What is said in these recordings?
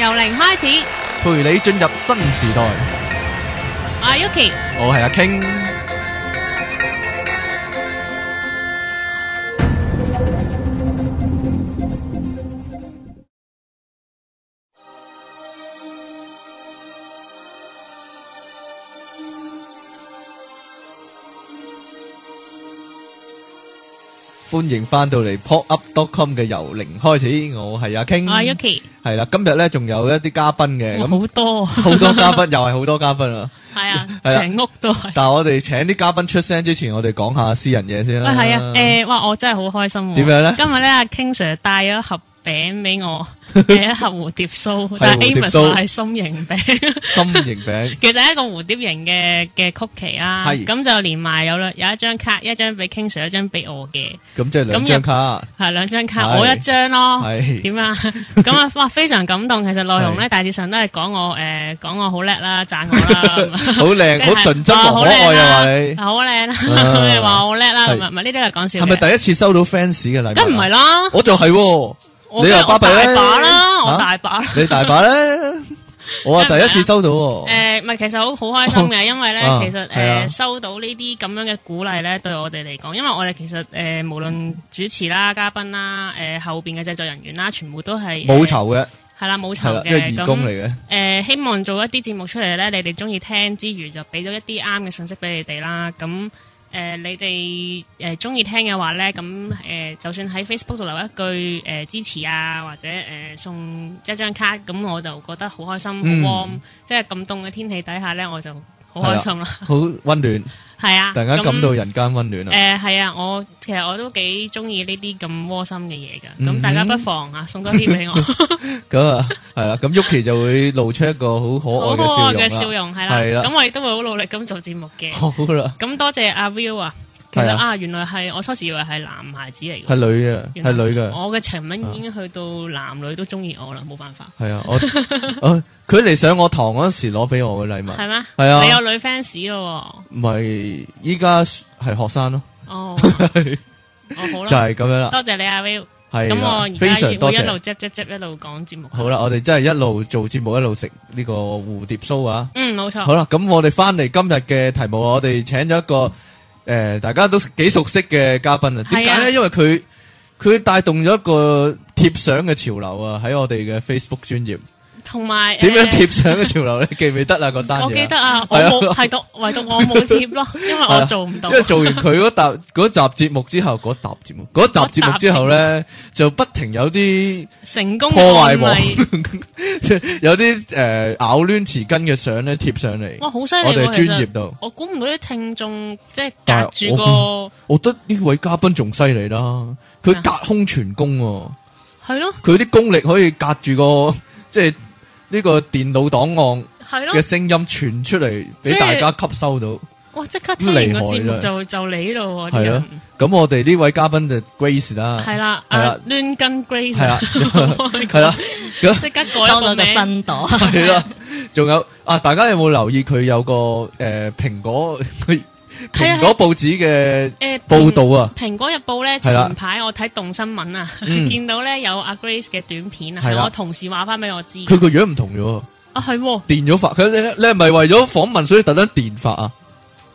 由零開始，陪你進入新時代。啊、我係 Yuki，我係阿 King。歡迎翻到嚟 popup.com 嘅由零開始，我係阿 King。係啦，今日咧，仲有一啲嘉賓嘅，好多好多嘉賓又係好多嘉賓啊，係啊，成屋都係。但係我哋請啲嘉賓出聲之前，我哋講下私人嘢先啦。喂，係啊，誒，哇，我真係好開心。點樣咧？今日咧，阿 King Sir 帶咗盒。餅俾我，係一盒蝴蝶酥，但係 Amos 就係心形餅。心形餅，其實一個蝴蝶形嘅嘅曲奇啦，咁就連埋有啦，有一張卡，一張俾 King Sir，一張俾我嘅。咁即係兩張卡，係兩張卡，我一張咯。係點啊？咁啊，哇！非常感動。其實內容咧，大致上都係講我誒，講我好叻啦，讚我啦。好靚，好純真可愛啊！你好靚，你話我叻啦。唔係呢啲係講笑。係咪第一次收到 fans 嘅禮物？咁唔係咯，我就係。你又巴閉啦！我，我大把，你、啊、大把咧、啊。 把 我啊第一次收到、哦 呃。誒，唔係，其實好好開心嘅，因為咧， 啊、其實誒、呃是啊、收到這這呢啲咁樣嘅鼓勵咧，對我哋嚟講，因為我哋其實誒、呃、無論主持啦、嘉賓啦、誒、呃、後邊嘅製作人員啦，全部都係冇酬嘅。係、呃、籌啦，冇酬嘅，一、這個義工嚟嘅。誒、呃，希望做一啲節目出嚟咧，你哋中意聽之餘，就俾到一啲啱嘅信息俾你哋啦。咁。誒、呃、你哋誒中意聽嘅話咧，咁、呃、誒就算喺 Facebook 度留一句誒、呃、支持啊，或者誒、呃、送一張卡，咁我就覺得好開心，好 warm，即係咁凍嘅天氣底下咧，我就好開心啦，好溫、啊、暖。 係啊，突然間感到人間溫暖啊！誒、嗯，係、呃、啊，我其實我都幾中意呢啲咁窩心嘅嘢噶，咁大家不妨啊送多啲俾我。咁 啊，係啦，咁 Yuki 就會露出一個好可愛嘅笑容啦。係啦，咁、啊啊、我亦都會好努力咁做節目嘅。好啦，咁多謝阿、啊、Will 啊。其實啊，原來係我初時以為係男孩子嚟嘅，係女嘅，係女嘅。我嘅情文已經去到男女都中意我啦，冇辦法。係啊，我佢嚟上我堂嗰時攞俾我嘅禮物。係咩？係啊，你有女 fans 咯？唔係依家係學生咯。哦，好啦，就係咁樣啦。多謝你啊 Will，係咁我而家會一路接接接一路講節目。好啦，我哋真係一路做節目一路食呢個蝴蝶酥啊。嗯，冇錯。好啦，咁我哋翻嚟今日嘅題目，我哋請咗一個。誒，大家都幾熟悉嘅嘉賓啊，點解咧？因為佢佢帶動咗一個貼相嘅潮流啊，喺我哋嘅 Facebook 專頁。同埋點樣貼上嘅潮流咧？記唔記得啦？嗰單嘢我記得啊，我冇係獨唯獨我冇貼咯，因為我做唔到。因為做完佢嗰集嗰集節目之後，嗰集節目嗰集節目之後咧，就不停有啲成功破壞網，即係有啲誒咬攣匙羹嘅相咧貼上嚟。哇！好犀利喎，我哋專業度。我估唔到啲聽眾即係隔住個，我覺得呢位嘉賓仲犀利啦，佢隔空全功喎，係咯，佢啲功力可以隔住個即係。呢個電腦檔案嘅聲音傳出嚟，俾大家吸收到。哇！即刻聽完個節目就就你咯，係咯。咁我哋呢位嘉賓就 Grace 啦，係啦，係啦，亂跟 Grace 係啦，係啦。即刻改到個身度。係啦，仲有啊！大家有冇留意佢有個誒蘋果蘋果報紙嘅？報道啊！蘋、嗯、果日報咧，前排我睇動新聞啊，嗯、 見到咧有阿、啊、Grace 嘅短片啊，係、啊、我同事話翻俾我知。佢個樣唔同咗啊，係、哦、電咗髮佢，你你係咪為咗訪問所以特登電髮啊？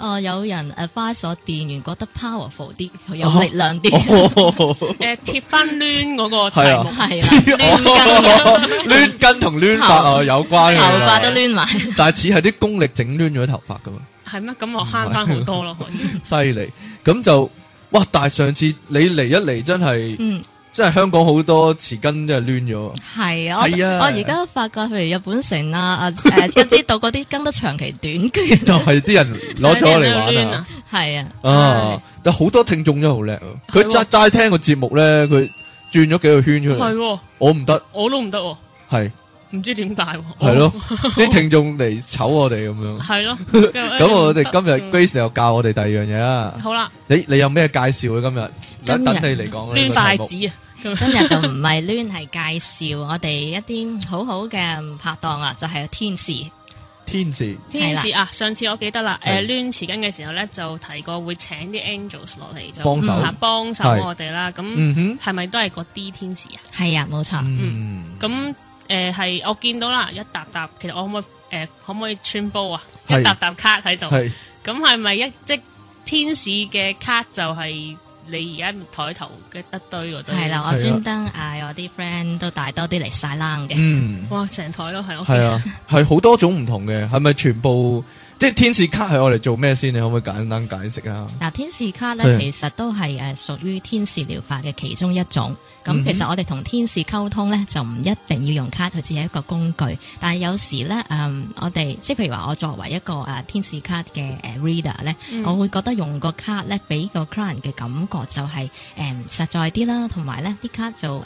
哦，有人誒花咗電源，覺得 powerful 啲，有力量啲。誒，貼翻攣嗰個題目係啦，攣筋同攣髮啊有關嘅啦。頭髮都攣埋，但係似係啲功力整攣咗頭髮噶喎。係咩？咁我慳翻好多咯，可以。犀利，咁就哇！但係上次你嚟一嚟，真係嗯。即係香港好多匙羹真係攣咗。係啊，我而家發覺，譬如日本城啊、誒吉之島嗰啲羹得長期短缺。就係啲人攞出嚟玩啊。係啊。啊！但好多聽眾都好叻，佢齋齋聽個節目咧，佢轉咗幾個圈出嚟。係，我唔得，我都唔得。係，唔知點解。係咯。啲聽眾嚟醜我哋咁樣。係咯。咁我哋今日 Grace 又教我哋第二樣嘢啊。好啦。你你有咩介紹啊？今日等你嚟講筷子啊！今日就唔係攣，係介紹我哋一啲好好嘅拍檔啊！就係天使，天使，天使啊！上次我記得啦，誒，攣匙羹嘅時候咧，就提過會請啲 angels 落嚟，就幫手，幫手我哋啦。咁，係咪都係個 D 天使啊？係啊，冇錯。咁誒，係我見到啦，一沓沓。其實我可唔可以，誒，可唔可以穿煲啊？一沓沓卡喺度。咁係咪一隻天使嘅卡就係？你而家台頭嘅得堆嗰堆？係啦， 我專登嗌我啲 friend 都帶多啲嚟晒冷嘅。嗯，哇，成台都喺屋企。係、okay? 啊，係好多種唔同嘅，係咪全部啲天使卡係用嚟做咩先？你可唔可以簡單解釋啊？嗱，天使卡呢其實都係誒屬於天使療法嘅其中一種。咁、嗯、其實我哋同天使溝通咧，就唔一定要用卡，佢只係一個工具。但係有時咧，誒、呃、我哋即係譬如話我作為一個誒、呃、天使卡嘅誒 reader 咧，呃嗯、我會覺得用個卡咧，俾個 client 嘅感覺就係、是、誒、呃、實在啲啦，同埋咧啲卡就誒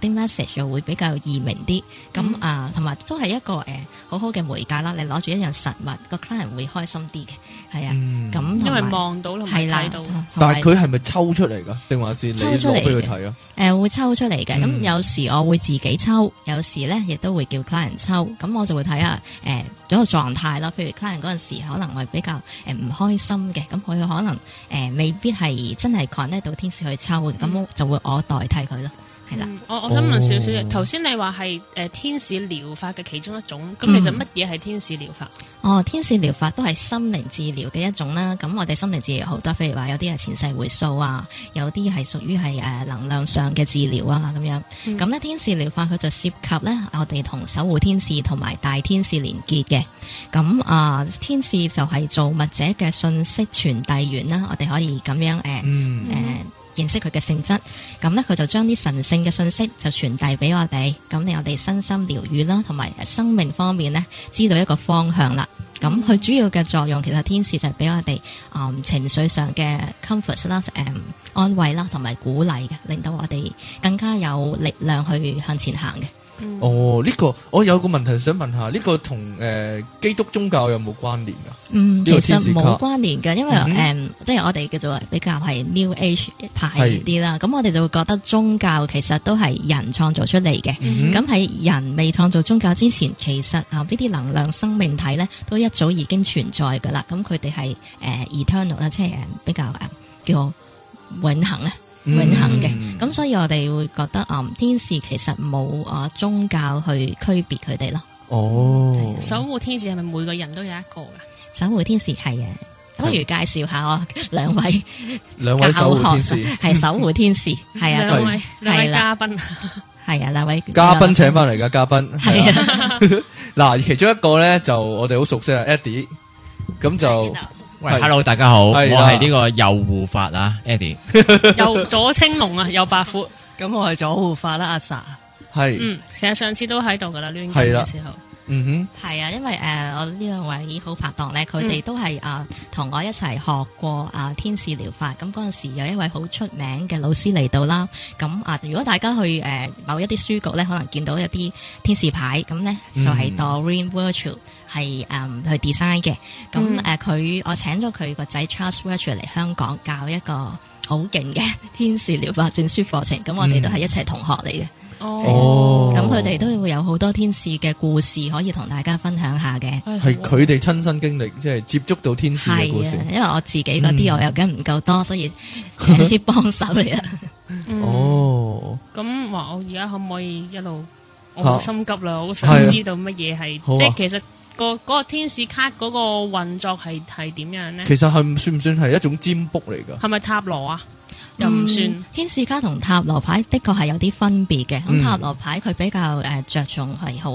啲 message 就會比較易明啲。咁、嗯、啊、同埋、嗯呃、都係一個誒、呃、好好嘅媒介啦。你攞住一樣實物，個 client 會開心啲嘅，係啊。嗯，咁因為望到同埋睇到。係但係佢係咪抽出嚟㗎？定話先你攞俾佢睇啊？誒。會。抽出嚟嘅，咁、嗯、有時我會自己抽，有時咧亦都會叫客人抽，咁我就會睇下，誒、呃，嗰個狀態咯。譬如客人嗰陣時可能我係比較誒唔、呃、開心嘅，咁佢可能誒、呃、未必係真係 connect 到天使去抽，咁、嗯、就會我代替佢咯。係啦，我、嗯、我想問少少嘅，頭先、哦、你話係誒天使療法嘅其中一種，咁、嗯、其實乜嘢係天使療法？哦，天使療法都係心靈治療嘅一種啦。咁我哋心靈治療好多，譬如話有啲係前世回溯啊，有啲係屬於係誒能量上嘅治療啊咁樣。咁呢、嗯、天使療法佢就涉及咧，我哋同守護天使同埋大天使連結嘅。咁啊、呃，天使就係造物者嘅信息傳遞員啦。我哋可以咁樣誒，誒、呃。嗯嗯認識佢嘅性質，咁呢，佢就將啲神聖嘅信息，就傳遞俾我哋，咁令我哋身心療癒啦，同埋生命方面呢，知道一個方向啦。咁佢主要嘅作用，其實天使就係俾我哋，嗯、呃、情緒上嘅 comfort 啦，誒、呃、安慰啦，同埋鼓勵嘅，令到我哋更加有力量去向前行嘅。哦，呢、這個我、哦、有個問題想問下，呢、這個同誒、呃、基督宗教有冇關聯啊？嗯，其實冇關聯噶，因為誒、嗯嗯、即係我哋叫做比較係 New Age 派啲啦，咁是我哋就會覺得宗教其實都係人創造出嚟嘅。咁喺、嗯、人未創造宗教之前，其實啊呢啲能量生命體咧都一早已經存在噶啦。咁佢哋係誒 Eternal 啊，即係比較誒叫永恒啊。永恆嘅，咁、嗯、所以我哋會覺得啊、嗯，天使其實冇啊宗教去區別佢哋咯。哦，守護天使係咪每個人都有一個噶？守護天使係啊，不如介紹下我，兩位兩位守護天使係守護天使，係啊，兩 位兩是位嘉賓係啊，兩位嘉賓請翻嚟噶，嘉賓係 啊，嗱， 其中一個咧就我哋好熟悉啊，Eddie，咁就。 喂是，hello，大家好，的我係呢個右護法啊，Eddie。 右左青龍啊，右白虎，咁 我係左護法啦、啊，阿 Sa 係，嗯，其實上次都喺度噶啦，亂講嘅時候。嗯哼。係啊，因為誒、呃，我呢兩位好拍檔咧，佢哋都係、嗯、啊，同我一齊學過啊天使療法。咁嗰陣時有一位好出名嘅老師嚟到啦。咁啊，如果大家去誒、呃、某一啲書局咧，可能見到一啲天使牌，咁咧就係 Doreen Virtue。嗯嗯係誒，去 design 嘅，咁誒，佢我請咗佢個仔 Charles Welch 嚟香港教一個好勁嘅天使療法證書課程，咁我哋都係一齊同學嚟嘅。哦，咁佢哋都會有好多天使嘅故事可以同大家分享下嘅。係佢哋親身經歷，即係接觸到天使嘅故事。因為我自己嗰啲我又梗唔夠多，所以請啲幫手嚟啦。哦，咁話我而家可唔可以一路？我好心急啦，我好想知道乜嘢係，即係其實。個個天使卡嗰個運作係係點樣咧？其實係算唔算係一種占卜嚟噶？係咪塔羅啊？嗯、又唔算？天使卡同塔羅牌的確係有啲分別嘅。咁塔羅牌佢比較誒着重係好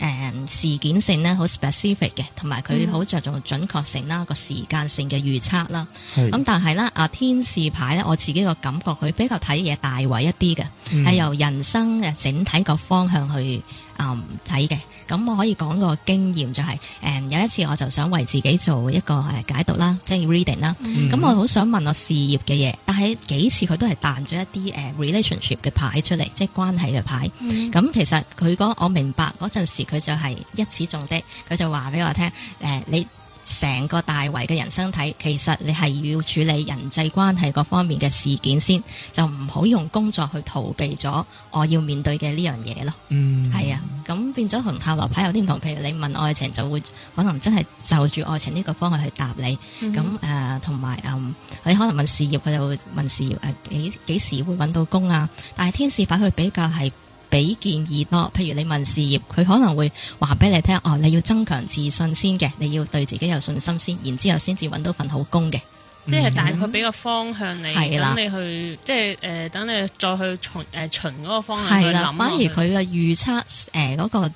誒事件性咧，好 specific 嘅，同埋佢好着重準確性啦，個時間性嘅預測啦。咁但係啦，啊天使牌咧，我自己個感覺佢比較睇嘢大位一啲嘅，係、嗯、由人生誒整體個方向去。Um, 嗯睇嘅，咁我可以講個經驗就係、是，誒、嗯、有一次我就想為自己做一個誒解讀啦，即、就、係、是、reading 啦、mm。咁、hmm. 嗯、我好想問我事業嘅嘢，但係幾次佢都係彈咗一啲誒、uh, relationship 嘅牌出嚟，即、就、係、是、關係嘅牌。咁、mm hmm. 嗯、其實佢講，我明白嗰陣時佢就係一始中的，佢就話俾我聽，誒、嗯、你。成個大圍嘅人生體，其實你係要處理人際關係各方面嘅事件先，就唔好用工作去逃避咗我要面對嘅呢樣嘢咯。嗯、mm，係、hmm. 啊，咁變咗同塔羅牌有啲唔同。譬如你問愛情，就會可能真係就住愛情呢個方向去答你。咁誒、mm，同埋誒，你可能問事業，佢就會問事業誒、啊、幾幾時會揾到工啊？但係天使牌佢比較係。俾建議咯，譬如你問事業，佢可能會話俾你聽：哦，你要增強自信先嘅，你要對自己有信心先，然之後先至揾到份好工嘅。即係但係佢俾個方向你，等你去即係誒，等你再去循誒循嗰個方向去諗。反而佢嘅預測誒嗰個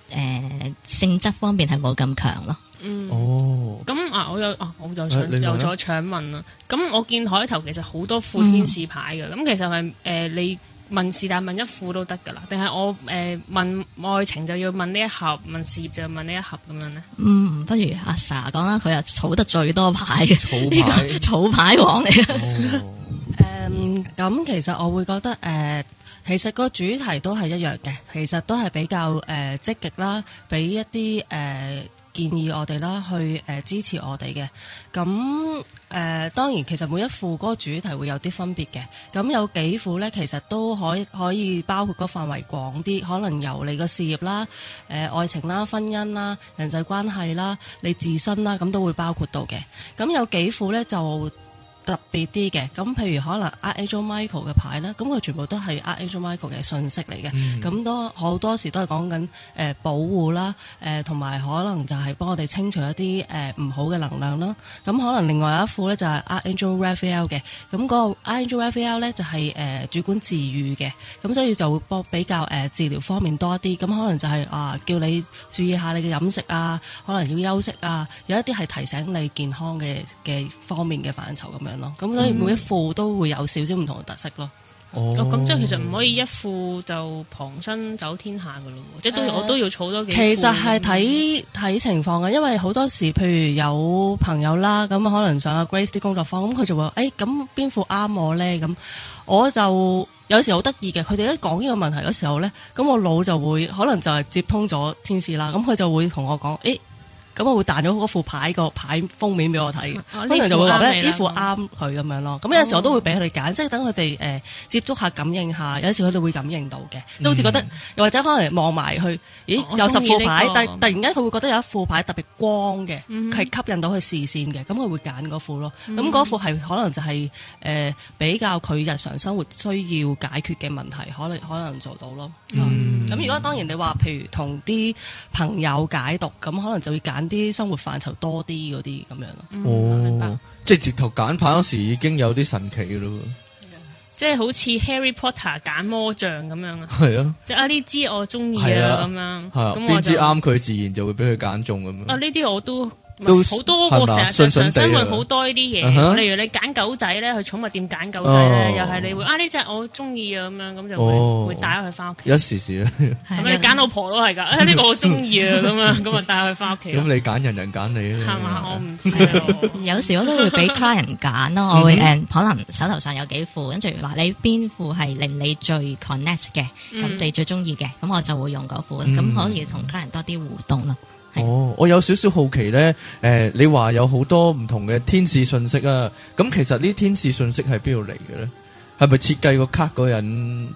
性質方面係冇咁強咯。嗯。哦。咁啊，我有啊，我就搶有咗搶問啦。咁我見枱頭其實好多副天使牌嘅，咁其實係誒你。問是但問一副都得噶啦，定係我誒問愛情就要問呢一盒，問事業就要問呢一盒咁樣呢？嗯，不如阿 Sa 講啦，佢又儲得最多牌嘅，呢個儲牌王嚟嘅。誒、哦，咁、um, 其實我會覺得誒，其實個主題都係一樣嘅，其實都係比較誒積極啦，俾一啲誒。呃建議我哋啦，去誒支持我哋嘅。咁誒、呃、當然，其實每一副嗰個主題會有啲分別嘅。咁有幾副呢？其實都可、可以包括個範圍廣啲，可能由你個事業啦、誒、呃、愛情啦、婚姻啦、人際關係啦、你自身啦，咁都會包括到嘅。咁有幾副呢？就，特別啲嘅，咁譬如可能 Archangel Michael 嘅牌啦，咁佢全部都係 Archangel Michael 嘅信息嚟嘅，咁、mm hmm. 都好多時都係講緊誒保護啦，誒同埋可能就係幫我哋清除一啲誒唔好嘅能量啦，咁可能另外一副咧就係 Archangel Raphael 嘅，咁、那個、Arch、Angel Raphael 咧就係、是、誒、呃、主管治愈嘅，咁所以就會博比較誒、呃、治療方面多啲，咁可能就係、是、啊叫你注意下你嘅飲食啊，可能要休息啊，有一啲係提醒你健康嘅嘅方面嘅範疇咁樣。咁、嗯、所以每一副都會有少少唔同嘅特色咯。哦，咁、哦、即係其實唔可以一副就傍身走天下噶咯，呃、即係都我都要儲多幾。其實係睇睇情況嘅，因為好多時，譬如有朋友啦，咁可能上阿 Grace 啲工作坊，咁佢就會話誒，咁、欸、邊副啱我咧？咁我就有時好得意嘅，佢哋一講呢個問題嗰時候咧，咁我腦就會可能就係接通咗天使啦，咁佢就會同我講誒。欸咁我會彈咗嗰副牌個牌封面俾我睇，可能就會話呢副啱佢咁樣咯。咁有陣時我都會俾佢哋揀，即係等佢哋誒接觸下、感應下。有陣時佢哋會感應到嘅，都好似覺得又或者可能望埋去，咦有十副牌，但突然間佢會覺得有一副牌特別光嘅，係吸引到佢視線嘅，咁佢會揀嗰副咯。咁嗰副係可能就係誒比較佢日常生活需要解決嘅問題，可能可能做到咯。咁如果當然你話譬如同啲朋友解讀，咁可能就會揀。啲生活範疇多啲嗰啲咁樣咯，哦，白即係直頭揀牌嗰時已經有啲神奇嘅咯，即係好似 Harry Potter 揀魔杖咁樣啊，係啊，即係啊呢支我鍾意啊咁樣，係啊，邊支啱佢自然就會俾佢揀中咁樣，啊呢啲我都。都好多喎！成日成日常生活好多呢啲嘢，例如你揀狗仔咧，去寵物店揀狗仔咧，又係你會啊呢隻我中意啊咁樣，咁就會會帶佢翻屋企。一時時啊，係咪你揀老婆都係噶，呢個我中意啊咁樣，咁啊帶佢翻屋企。咁你揀人人揀你啊，係嘛，我唔知。有時我都會俾 client 揀咯，我會誒可能手頭上有幾副，跟住話你邊副係令你最 connect 嘅，咁你最中意嘅，咁我就會用嗰副，咁可以同 client 多啲互動啦。哦，我有少少好奇咧，誒、呃，你話有好多唔同嘅天使信息啊，咁其實呢啲天使信息係邊度嚟嘅咧？係咪設計個卡嗰人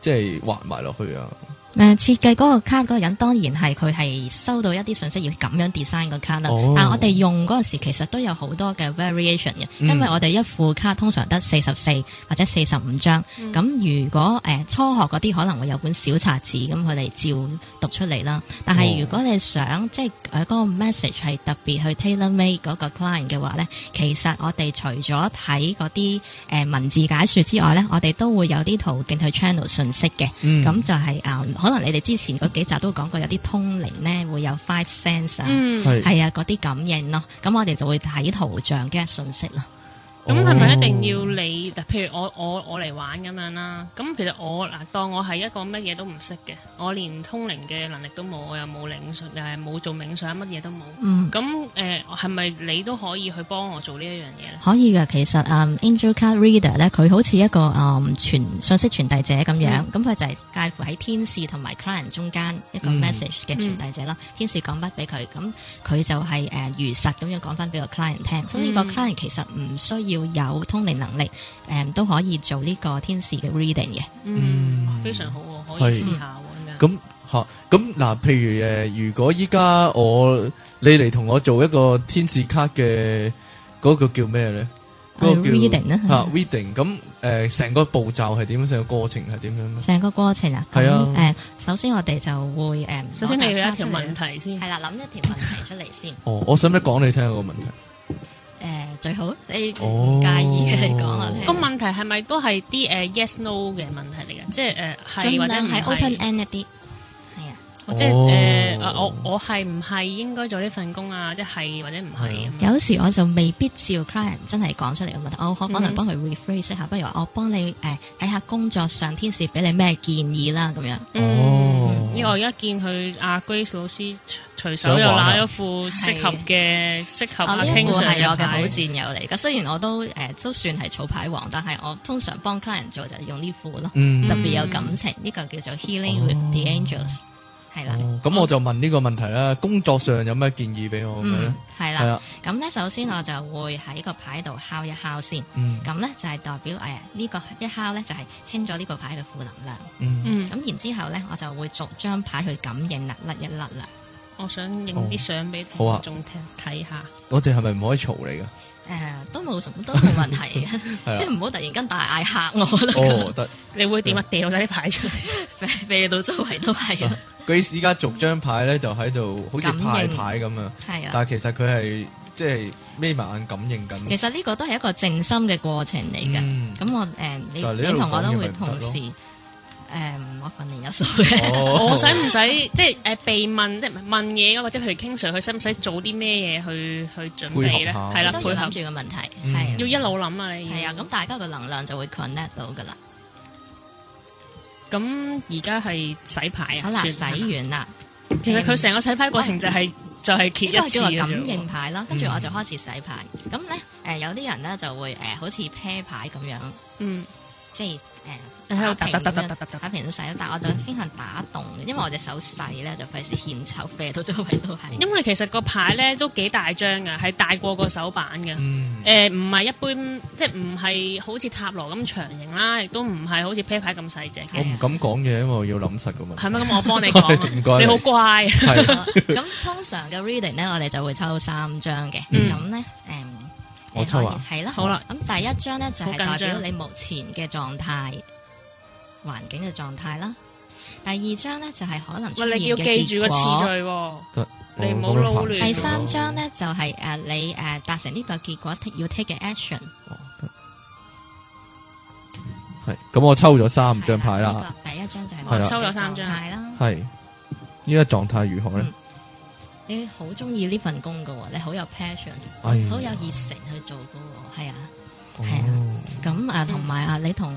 即係畫埋落去啊？誒、嗯、設計嗰個卡嗰個人當然係佢係收到一啲信息要咁樣 design 個卡 a 啦，oh. 但我哋用嗰個時其實都有好多嘅 variation 嘅，mm. 因為我哋一副卡通常得四十四或者四十五張，咁、mm. 如果誒、呃、初學嗰啲可能會有本小冊子咁佢哋照讀出嚟啦，但係如果你想、oh. 即係嗰、呃那個 message 係特別去 tailor-made 嗰個 client 嘅話呢，其實我哋除咗睇嗰啲誒文字解説之外呢，我哋都會有啲途徑去 channel 信息嘅，咁、mm. 就係、是呃可能你哋之前嗰幾集都講過有啲通靈咧，會有 five sense 啊，嗯，係啊，嗰啲感應咯，咁我哋就會睇圖像嘅信息咯。咁係咪一定要你？譬如我我我嚟玩咁樣啦。咁其實我嗱，當我係一個乜嘢都唔識嘅，我連通靈嘅能力都冇，我又冇冥想，又係冇做冥想，乜嘢都冇。嗯。咁誒係咪你都可以去幫我做呢一樣嘢咧？可以嘅，uh, 實實其實啊，Angel Card Reader 咧，佢好似一個誒傳信息傳遞者咁樣。咁佢就係介乎喺天使同埋 client 中間一個 message 嘅傳遞者咯。天使講乜俾佢，咁佢就係誒如實咁樣講翻俾個 client 聽。所以個 client 其實唔需要。要有通靈能力，誒都可以做呢個天使嘅 reading 嘅。嗯，非常好，可以試下。咁吓，咁嗱，譬如誒，如果依家我你嚟同我做一個天使卡嘅嗰個叫咩咧？嗰個 reading 咧吓，reading。咁誒，成個步驟係點樣？成個過程係點樣？成個過程啊，係啊。誒，首先我哋就會誒，首先你要一條問題先，係啦，諗一條問題出嚟先。哦，我使唔使講你聽個問題？最好你唔介意嘅嚟講啊，個、哦、問題係咪都係啲誒 yes no 嘅問題嚟嘅？文即係誒，係或者唔係 open end 一啲？即係誒、oh. 呃，我我係唔係應該做呢份工啊？即係或者唔係？的嗯、有時我就未必照 client 真係講出嚟嘅問題，我可能幫佢 rephrase 下。不如我幫你誒睇下工作上天使俾你咩建議啦，咁樣。Oh. 嗯，因為我而家見佢阿 Grace 老師隨手又揦咗副適合嘅適的合。呢、oh, 呢副係我嘅好戰友嚟噶，嗯、雖然我都誒、呃、都算係草牌王，但係我通常幫 client 做就用呢副咯，特別有感情。呢、嗯、個叫做 Healing with the Angels。係啦，咁、哦、我就問呢個問題啦，嗯、工作上有咩建議俾我咧？係啦、嗯，咁咧首先我就會喺個牌度敲一敲先，咁咧、嗯、就係代表誒呢、哎這個一敲咧就係清咗呢個牌嘅負能量，咁、嗯嗯、然之後咧我就會逐張牌去感應啦，甩一甩啦。我想影啲相俾聽眾好啊睇下。我哋係咪唔可以嘈你噶？誒、呃，都冇都冇問題嘅，即係唔好突然間大嗌吓我。哦，我覺得，你會點啊？掉晒啲牌出，嚟， 飛到周圍都係。佢依家逐張牌咧應，就喺度好似派牌咁啊。係啊，但係其實佢係即係眯埋眼感應緊。其實呢個都係一個靜心嘅過程嚟嘅。咁、嗯、我誒、嗯，你你同我都會同時。誒，唔，我訓練有素嘅，我使唔使即係誒被問即係問嘢或者譬如傾上佢使唔使做啲咩嘢去去準備咧？係啦，配合諗住嘅問題，係要一路諗啊！你係啊，咁大家嘅能量就會 connect 到噶啦。咁而家係洗牌啊，好啦，洗完啦。其實佢成個洗牌過程就係就係揭一次叫感應牌啦，跟住我就開始洗牌。咁咧，誒有啲人咧就會誒好似啤牌咁樣，嗯，即係。誒，喺度打打打打打平都細，但我就偏向打洞嘅，因為我隻手細咧，就費事獻醜，飛到周圍都係。因為其實個牌咧都幾大張噶，係大過個手板嘅。誒，唔係一般，即係唔係好似塔羅咁長形啦，亦都唔係好似啤牌咁細隻。我唔敢講嘢，因為我要諗實噶嘛。係咪？咁我幫你講，唔該，你好乖。係。咁通常嘅 reading 咧，我哋就會抽三張嘅。咁咧，誒。我可以係啦，好啦。咁了第一張咧就係代表你目前嘅狀態、環境嘅狀態啦。第二張咧就係可能。喂、哎，你要記住個次序、哦，得你唔好亂。第三張咧就係、是、誒、啊，你誒達、啊、成呢個結果要 take 嘅 action。係咁、哦，我抽咗三張牌啦。第一張就係抽咗三張牌啦。係呢個狀態如何咧？嗯你好中意呢份工嘅、哦，你好有 passion，好、哎、呦有熱誠去做嘅、哦，係啊，係、哦、啊。咁啊，同埋啊，你同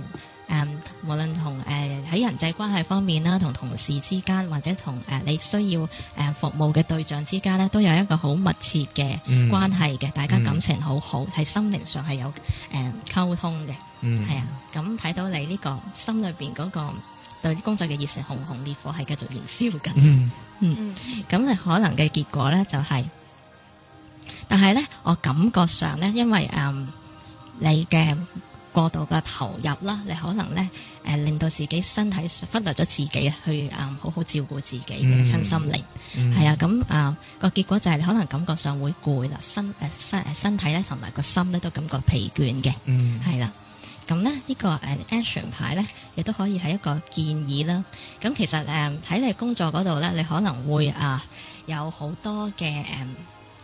誒，無論同誒喺人際關係方面啦，同同事之間或者同誒、呃、你需要誒、呃、服務嘅對象之間咧，都有一個好密切嘅關係嘅，嗯、大家感情好好，喺、嗯、心靈上係有誒溝、嗯、通嘅，係、嗯、啊。咁、嗯、睇到你呢個心裏邊嗰、嗰個。對工作嘅熱情熊熊烈火係繼續燃燒緊，嗯，咁你可能嘅結果咧就係，但係咧我感覺上咧，因為誒你嘅過度嘅投入啦，你可能咧誒令到自己身體忽略咗自己去誒好好照顧自己嘅身心靈，係啊，咁啊個結果就係你可能感覺上會攰啦，身誒身誒身體咧同埋個心咧都感覺疲倦嘅，嗯，係啦。咁咧，呢、這個誒 action、啊、牌咧，亦都可以係一個建議啦。咁、嗯嗯、其實誒喺、嗯、你工作嗰度咧，你可能會啊有好多嘅誒、嗯、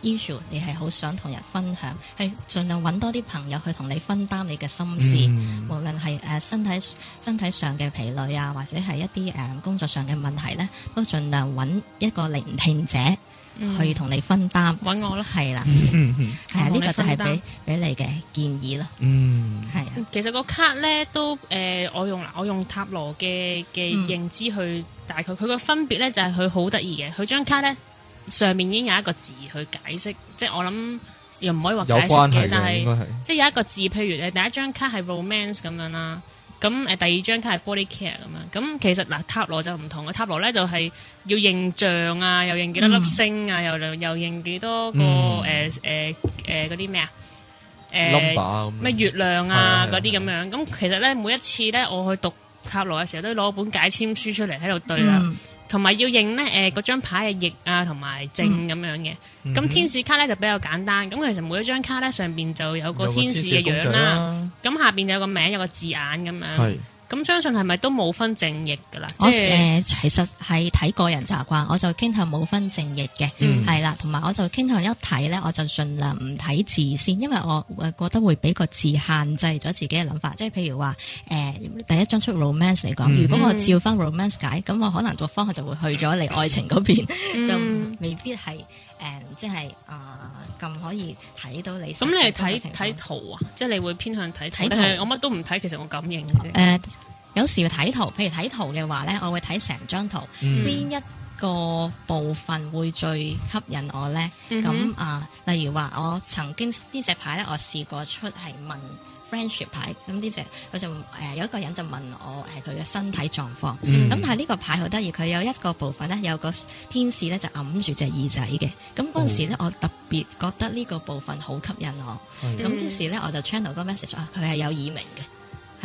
issue，你係好想同人分享，係盡量揾多啲朋友去同你分擔你嘅心事，嗯、無論係誒、啊、身體身體上嘅疲累啊，或者係一啲誒、嗯、工作上嘅問題咧，都盡量揾一個聆聽者。去同你分擔，揾、嗯、是我啦，係啦，係啊，呢個就係俾俾你嘅建議咯。嗯，係啊的。其實個卡咧都誒、呃，我用啦，我用塔羅嘅嘅認知去大概佢個分別咧，就係佢好得意嘅。佢張卡咧上面已經有一個字去解釋，即係我諗又唔可以話解釋嘅，係但係是即係有一個字，譬如你第一張卡係 Romance 咁樣啦。咁誒第二張卡係玻璃卡咁樣。咁其實嗱塔羅就唔同，塔羅咧就係要認象啊，又認幾多粒星啊，又、嗯、又認幾多個誒誒誒嗰啲咩啊誒咩月亮啊嗰啲咁樣。咁其實咧每一次咧我去讀塔羅嘅時候，都要攞本解簽書出嚟喺度對啊。嗯同埋要認咧，誒、呃、嗰張牌嘅逆啊同埋正咁樣嘅，咁、嗯、天使卡咧就比較簡單。咁其實每一張卡咧上邊就有個天使嘅樣啦，咁下邊有個名，有個字眼咁樣係。咁相信係咪都冇分正逆㗎啦？即、呃、其實係睇個人習慣，我就傾向冇分正逆嘅，係啦、嗯。同埋我就傾向一睇咧，我就儘量唔睇字先，因為我覺得會俾個字限制咗自己嘅諗法。即係譬如話，誒、呃、第一張出 Romance 嚟講，嗯、哼如果我照翻 Romance 解，咁我可能個方向就會去咗你愛情嗰邊，嗯、 就未必係。誒、嗯，即係啊，咁、呃、可以睇到你到。咁你係睇睇圖啊？即係你會偏向睇圖？誒圖，我乜都唔睇，其實我感應嘅。誒，有時會睇圖，譬如睇圖嘅話咧，我會睇成張圖邊、嗯、一個部分會最吸引我呢。咁啊、mm hmm. 嗯，例如話我曾經、這個、呢隻牌咧，我試過出係問 friendship 牌，咁呢隻佢就誒有一個人就問我誒佢嘅身體狀況，咁、mm hmm. 但係呢個牌好得意，佢有一個部分呢，有個天使呢就揞住隻耳仔嘅，咁嗰陣時咧、oh. 我特別覺得呢個部分好吸引我，咁於是呢，我就 channel 個 message 啊，佢係有耳鳴嘅。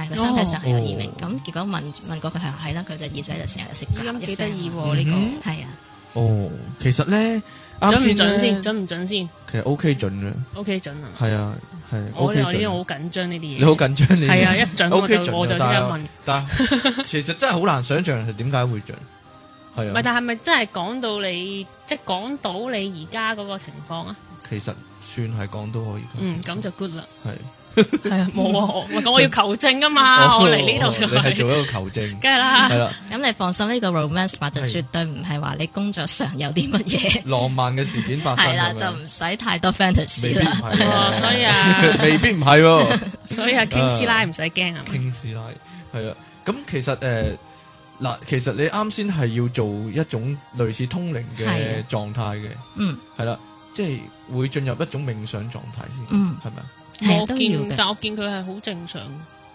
係個身體上係有耳鳴，咁結果問問過佢係，係啦，佢就耳仔就成日食，咁幾得意喎呢個，係啊。哦，其實咧，準唔準先？準唔準先？其實 O K 準啊，O K 準啊。係啊，係。我呢度因為我好緊張呢啲嘢，你好緊張。係啊，一準我就我就即刻問。但其實真係好難想象係點解會準。係啊。唔係，但係咪真係講到你，即係講到你而家嗰個情況啊？其實算係講都可以。嗯，咁就 good 啦。係。係 啊，冇啊、哦！我要求證啊嘛， 我嚟呢度就係、是、做一個求證，梗係啦。係啦的，咁 你放心，呢個 romance 就絕對唔係話你工作上有啲乜嘢浪漫嘅事件發生，係 啦的， 就唔使太多 fantasy 啦、啊的啊。所以啊， 未必唔係喎。 所以啊 King 師奶唔使驚啊。King 師奶係啊，咁其實誒嗱、呃，其實你啱先係要做一種類似通靈嘅狀態嘅，嗯，係啦，即係會進入一種冥想狀態先，嗯，係咪啊？係啊，都要嘅。但我見佢係好正常，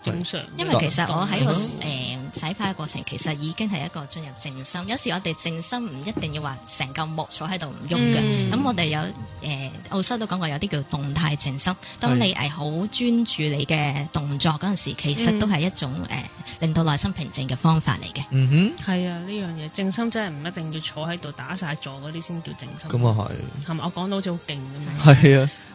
正常。因為其實我喺個誒洗花嘅過程，其實已經係一個進入靜心。有時我哋靜心唔一定要話成嚿木坐喺度唔喐嘅。咁我哋有誒，奧修都講過有啲叫動態靜心。當你係好專注你嘅動作嗰陣時，其實都係一種誒令到內心平靜嘅方法嚟嘅。嗯哼，係啊，呢樣嘢靜心真係唔一定要坐喺度打晒坐嗰啲先叫靜心。咁啊係。係咪我講到好似好勁咁樣？係啊。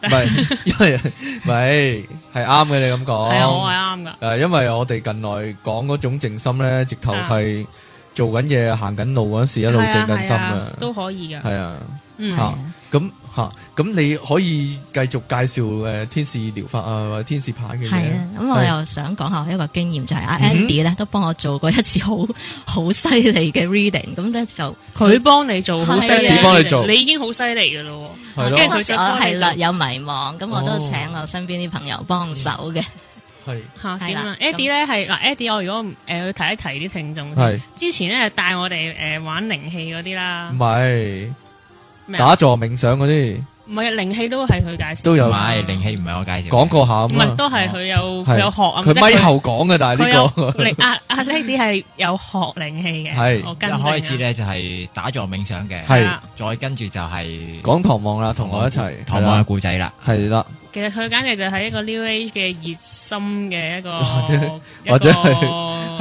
唔係，因為唔係係啱嘅。你咁講係我係啱噶。誒，因為我哋近來講嗰種靜心咧，直頭係做緊嘢，行緊路嗰時一路靜緊心噶，都可以噶。係啊，吓咁吓咁，你可以繼續介紹誒天使療法啊，或者天使牌嘅。係啊，咁我又想講下一個經驗，就係阿 Andy 咧都幫我做過一次好好犀利嘅 reading。咁咧就佢幫你做好犀利，Andy 幫你做，你已經好犀利噶咯。跟住我係啦，略有迷茫，咁、哦、我都請我身邊啲朋友幫手嘅、 啊。係吓點啊？Eddie 咧係嗱，Eddie 我如果誒去提、呃、一提啲聽眾，係是之前咧帶我哋誒、呃、玩靈氣嗰啲啦，唔係是麼打坐冥想嗰啲。唔係靈氣都係佢介紹，都係靈氣唔係我介紹，講過下。唔係都係佢有有學啊，佢咪後講嘅，但係呢個。阿阿呢啲係有學靈氣嘅，我一開始咧就係打坐冥想嘅，係再跟住就係講唐望啦，同我一齊唐望嘅故仔啦，係啦。其實佢簡直就係一個 New Age 嘅熱心嘅一個，或者係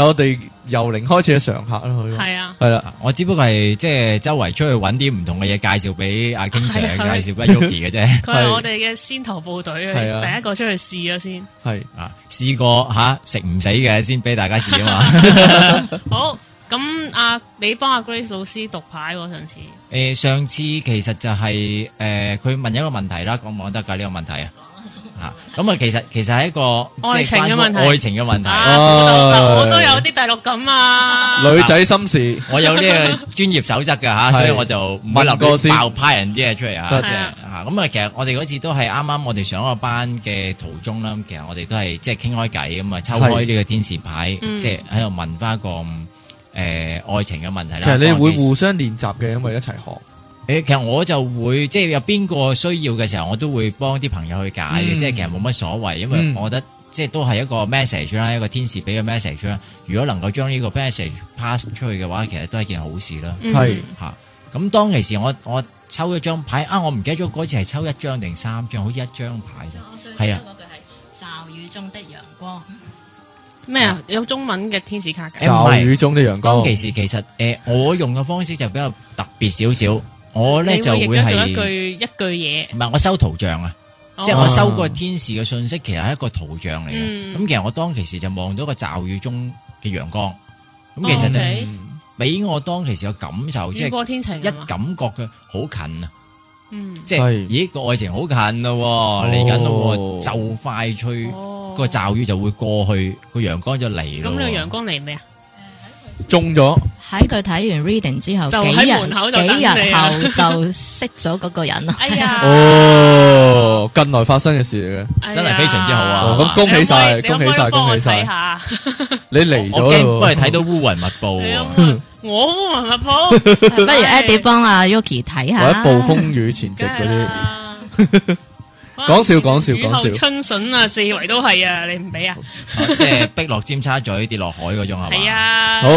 我哋由零開始嘅常客咯。佢係啊，係啦，我只不過係即係周圍出去揾啲唔同嘅嘢介紹俾阿 Kin，介紹俾 Yuki 嘅啫。佢係我哋嘅先頭部隊，第一個出去試咗先。係啊，試過吓食唔死嘅先俾大家試啊嘛。好。咁啊你幫阿 Grace 老師讀牌喎？上次誒，上次其實就係誒，佢問一個問題啦，講唔講得噶呢個問題啊？吓咁啊，其實其實係一個愛情嘅問題，愛情嘅問題我都有啲第六感啊！女仔心事，我有呢個專業守則噶吓，所以我就唔會爆派人啲嘢出嚟啊！多謝吓咁啊！其實我哋嗰次都係啱啱我哋上個班嘅途中啦，咁其實我哋都係即係傾開偈咁啊，抽開呢個天使牌，即係喺度問翻個。誒、呃，愛情嘅問題啦。其實你會互相練習嘅，因為一齊學。誒、欸，其實我就會，即係有邊個需要嘅時候，我都會幫啲朋友去解嘅。嗯、即係其實冇乜所謂，因為我覺得、嗯、即係都係一個 message 啦，一個天使俾嘅 message 啦。如果能夠將呢個 message pass 出去嘅話，其實都係件好事啦。係吓、嗯，咁是當其時我我抽一張牌啊，我唔記得咗嗰次係抽一張定三張，好似一張牌啫。係啊，嗰句係驟雨中的陽光。嗯咩啊？有中文嘅天使卡？驟雨中嘅陽光。當其時，其實誒，我用嘅方式就比較特別少少。我咧就會係一句一句嘢。唔係，我收圖像啊，即係我收個天使嘅信息，其實係一個圖像嚟嘅。咁其實我當其時就望到個驟雨中嘅陽光。咁其實就俾我當其時嘅感受，即係雨過天晴，一感覺嘅好近啊。嗯，即係咦個愛情好近咯，嚟緊咯，就快脆。個驟雨就會過去，個陽光就嚟。咁個陽光嚟未啊？中咗喺佢睇完 reading 之後，幾日，幾日後就識咗嗰個人咯。哎呀，哦，近來發生嘅事，真係非常之好啊！咁恭喜晒，恭喜晒，恭喜晒！你嚟咗，我驚睇到烏雲密布。我烏雲密布，不如 Andy 幫阿 Yuki 睇下暴風雨前夕嗰啲。講笑講笑講笑，雨後春筍啊，四圍都係啊，你唔俾啊，即係逼落尖叉嘴跌落海嗰種係嘛？係啊，好，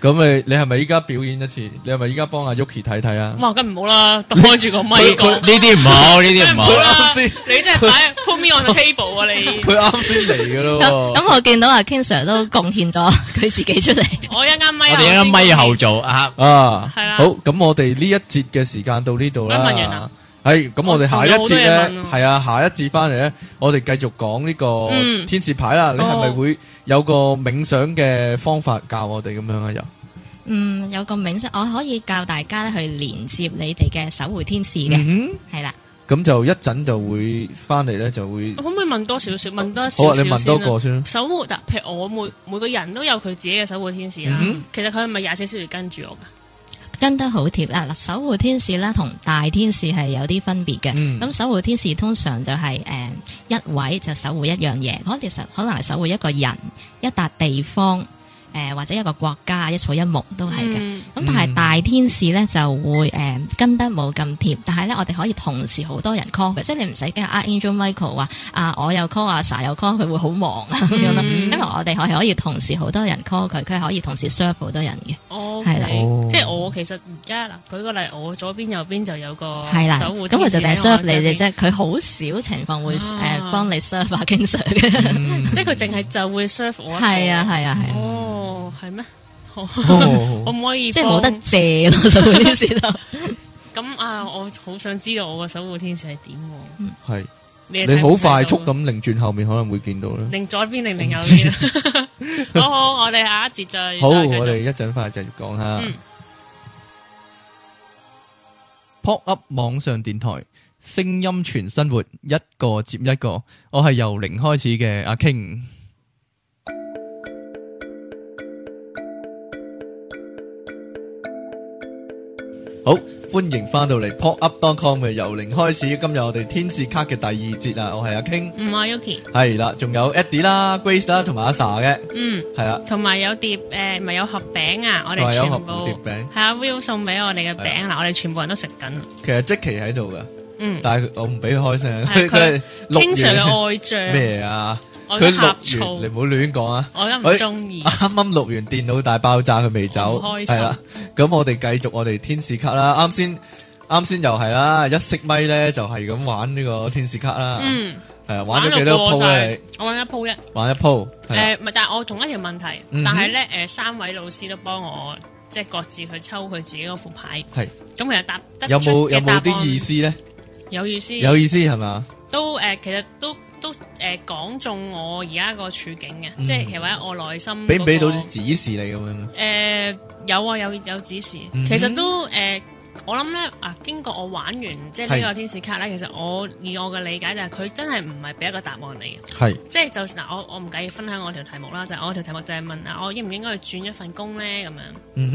咁你你係咪依家表演一次？你係咪依家幫阿 Yuki 睇睇啊？哇，咁唔好啦，擋開住個咪，佢佢呢啲唔好，呢啲唔好啦，你真係擺，put me on the table 啊你，佢啱先嚟噶咯。咁我見到阿 Kingsley 都貢獻咗佢自己出嚟，我一啱咪，我一啱咪後做啊啊，係啦，好，咁我哋呢一節嘅時間到呢度啦。係咁，哎、我哋下一節咧，係啊，下一節翻嚟咧，我哋繼續講呢個天使牌啦。嗯、你係咪會有個冥想嘅方法教我哋咁樣啊？又嗯，有個冥想，我可以教大家去連接你哋嘅守護天使嘅，係啦、嗯哼。咁、啊、就一陣就會翻嚟咧，就會可唔可以問多少少？問多少少先？你問多個先。守護譬如我每每個人都有佢自己嘅守護天使啦、啊。嗯、哼其實佢係咪廿四小時跟住我噶？跟得好貼。嗱嗱、啊，守護天使咧同大天使係有啲分別嘅。咁、嗯、守護天使通常就係、是、誒、啊、一位就守護一樣嘢，可其實可能係守護一個人、一笪地方。誒，或者一個國家一草一木都係嘅，咁但係大天使咧就會誒跟得冇咁貼，但係咧我哋可以同時好多人 call 佢，即係你唔使驚啊 Angel Michael 話啊，我有 call 阿 Sa 有 call 佢會好忙啊咁樣咯，因為我哋係可以同時好多人 call 佢，佢係可以同時 serve 好多人嘅，係啦，即係我其實而家嗱舉個例，我左邊右邊就有個守護，咁佢就定係 serve 你嘅啫，佢好少情況會誒幫你 serve 下，經常嘅，即係佢淨係就會 serve 我，係啊係啊係。係咩？Oh, 我唔可以即係攞得借咯，守護天使咯。咁 啊，我好想知道我個守護天使係點？係、嗯、你好快速咁擰轉後面，可能會見到啦。擰左邊，擰擰右邊。 好好，我哋下一節再講。好， 我哋一陣快繼續講下。嗯、Pop Up 網上電台，聲音全生活，一個接一個。我係由零開始嘅阿 King。好，歡迎翻到嚟 pop up.com 嘅由零開始，今日我哋天使卡嘅第二節、嗯、啊，我係阿 King，唔係 Yuki，係啦，仲有 Eddie 啦、Grace 啦，同埋阿 Sa 嘅，嗯，係啊，同埋、嗯、的有碟誒，咪、呃、有盒餅啊，我哋全部係有有啊 Will 送俾我哋嘅餅嗱，我哋全部人都食緊，其實 Jicky 喺度噶，嗯，但係我唔俾佢開聲，佢係經常嘅愛醬咩啊？佢錄完，你唔好亂講啊！我啱唔中意。啱啱錄完電腦大爆炸，佢未走，係啦。咁我哋繼續我哋天使卡啦。啱先，啱先又係啦。一熄咪咧，就係咁玩呢個天使卡啦。嗯，係啊，玩咗幾多鋪咧？我玩一鋪一。玩一鋪。誒，唔係，但係我仲一條問題，但係咧，誒，三位老師都幫我，即係各自去抽佢自己嗰副牌。係。咁其實答得有冇有冇啲意思咧？有意思。有意思係咪？都誒，其實都。都誒講、呃、中我而家個處境嘅，嗯、即係其實或者我內心俾唔俾到啲指示你咁樣？誒、呃、有啊有有，有指示，嗯、哼其實都誒、呃、我諗咧啊經過我玩完即係呢個天使卡咧，是其實我以我嘅理解就係、是、佢真係唔係俾一個答案你嘅，係是即係就嗱、啊、我我唔介意分享我條題目啦，就係、是、我條題目就係問啊我應唔應該去轉一份工咧咁樣，咁、嗯、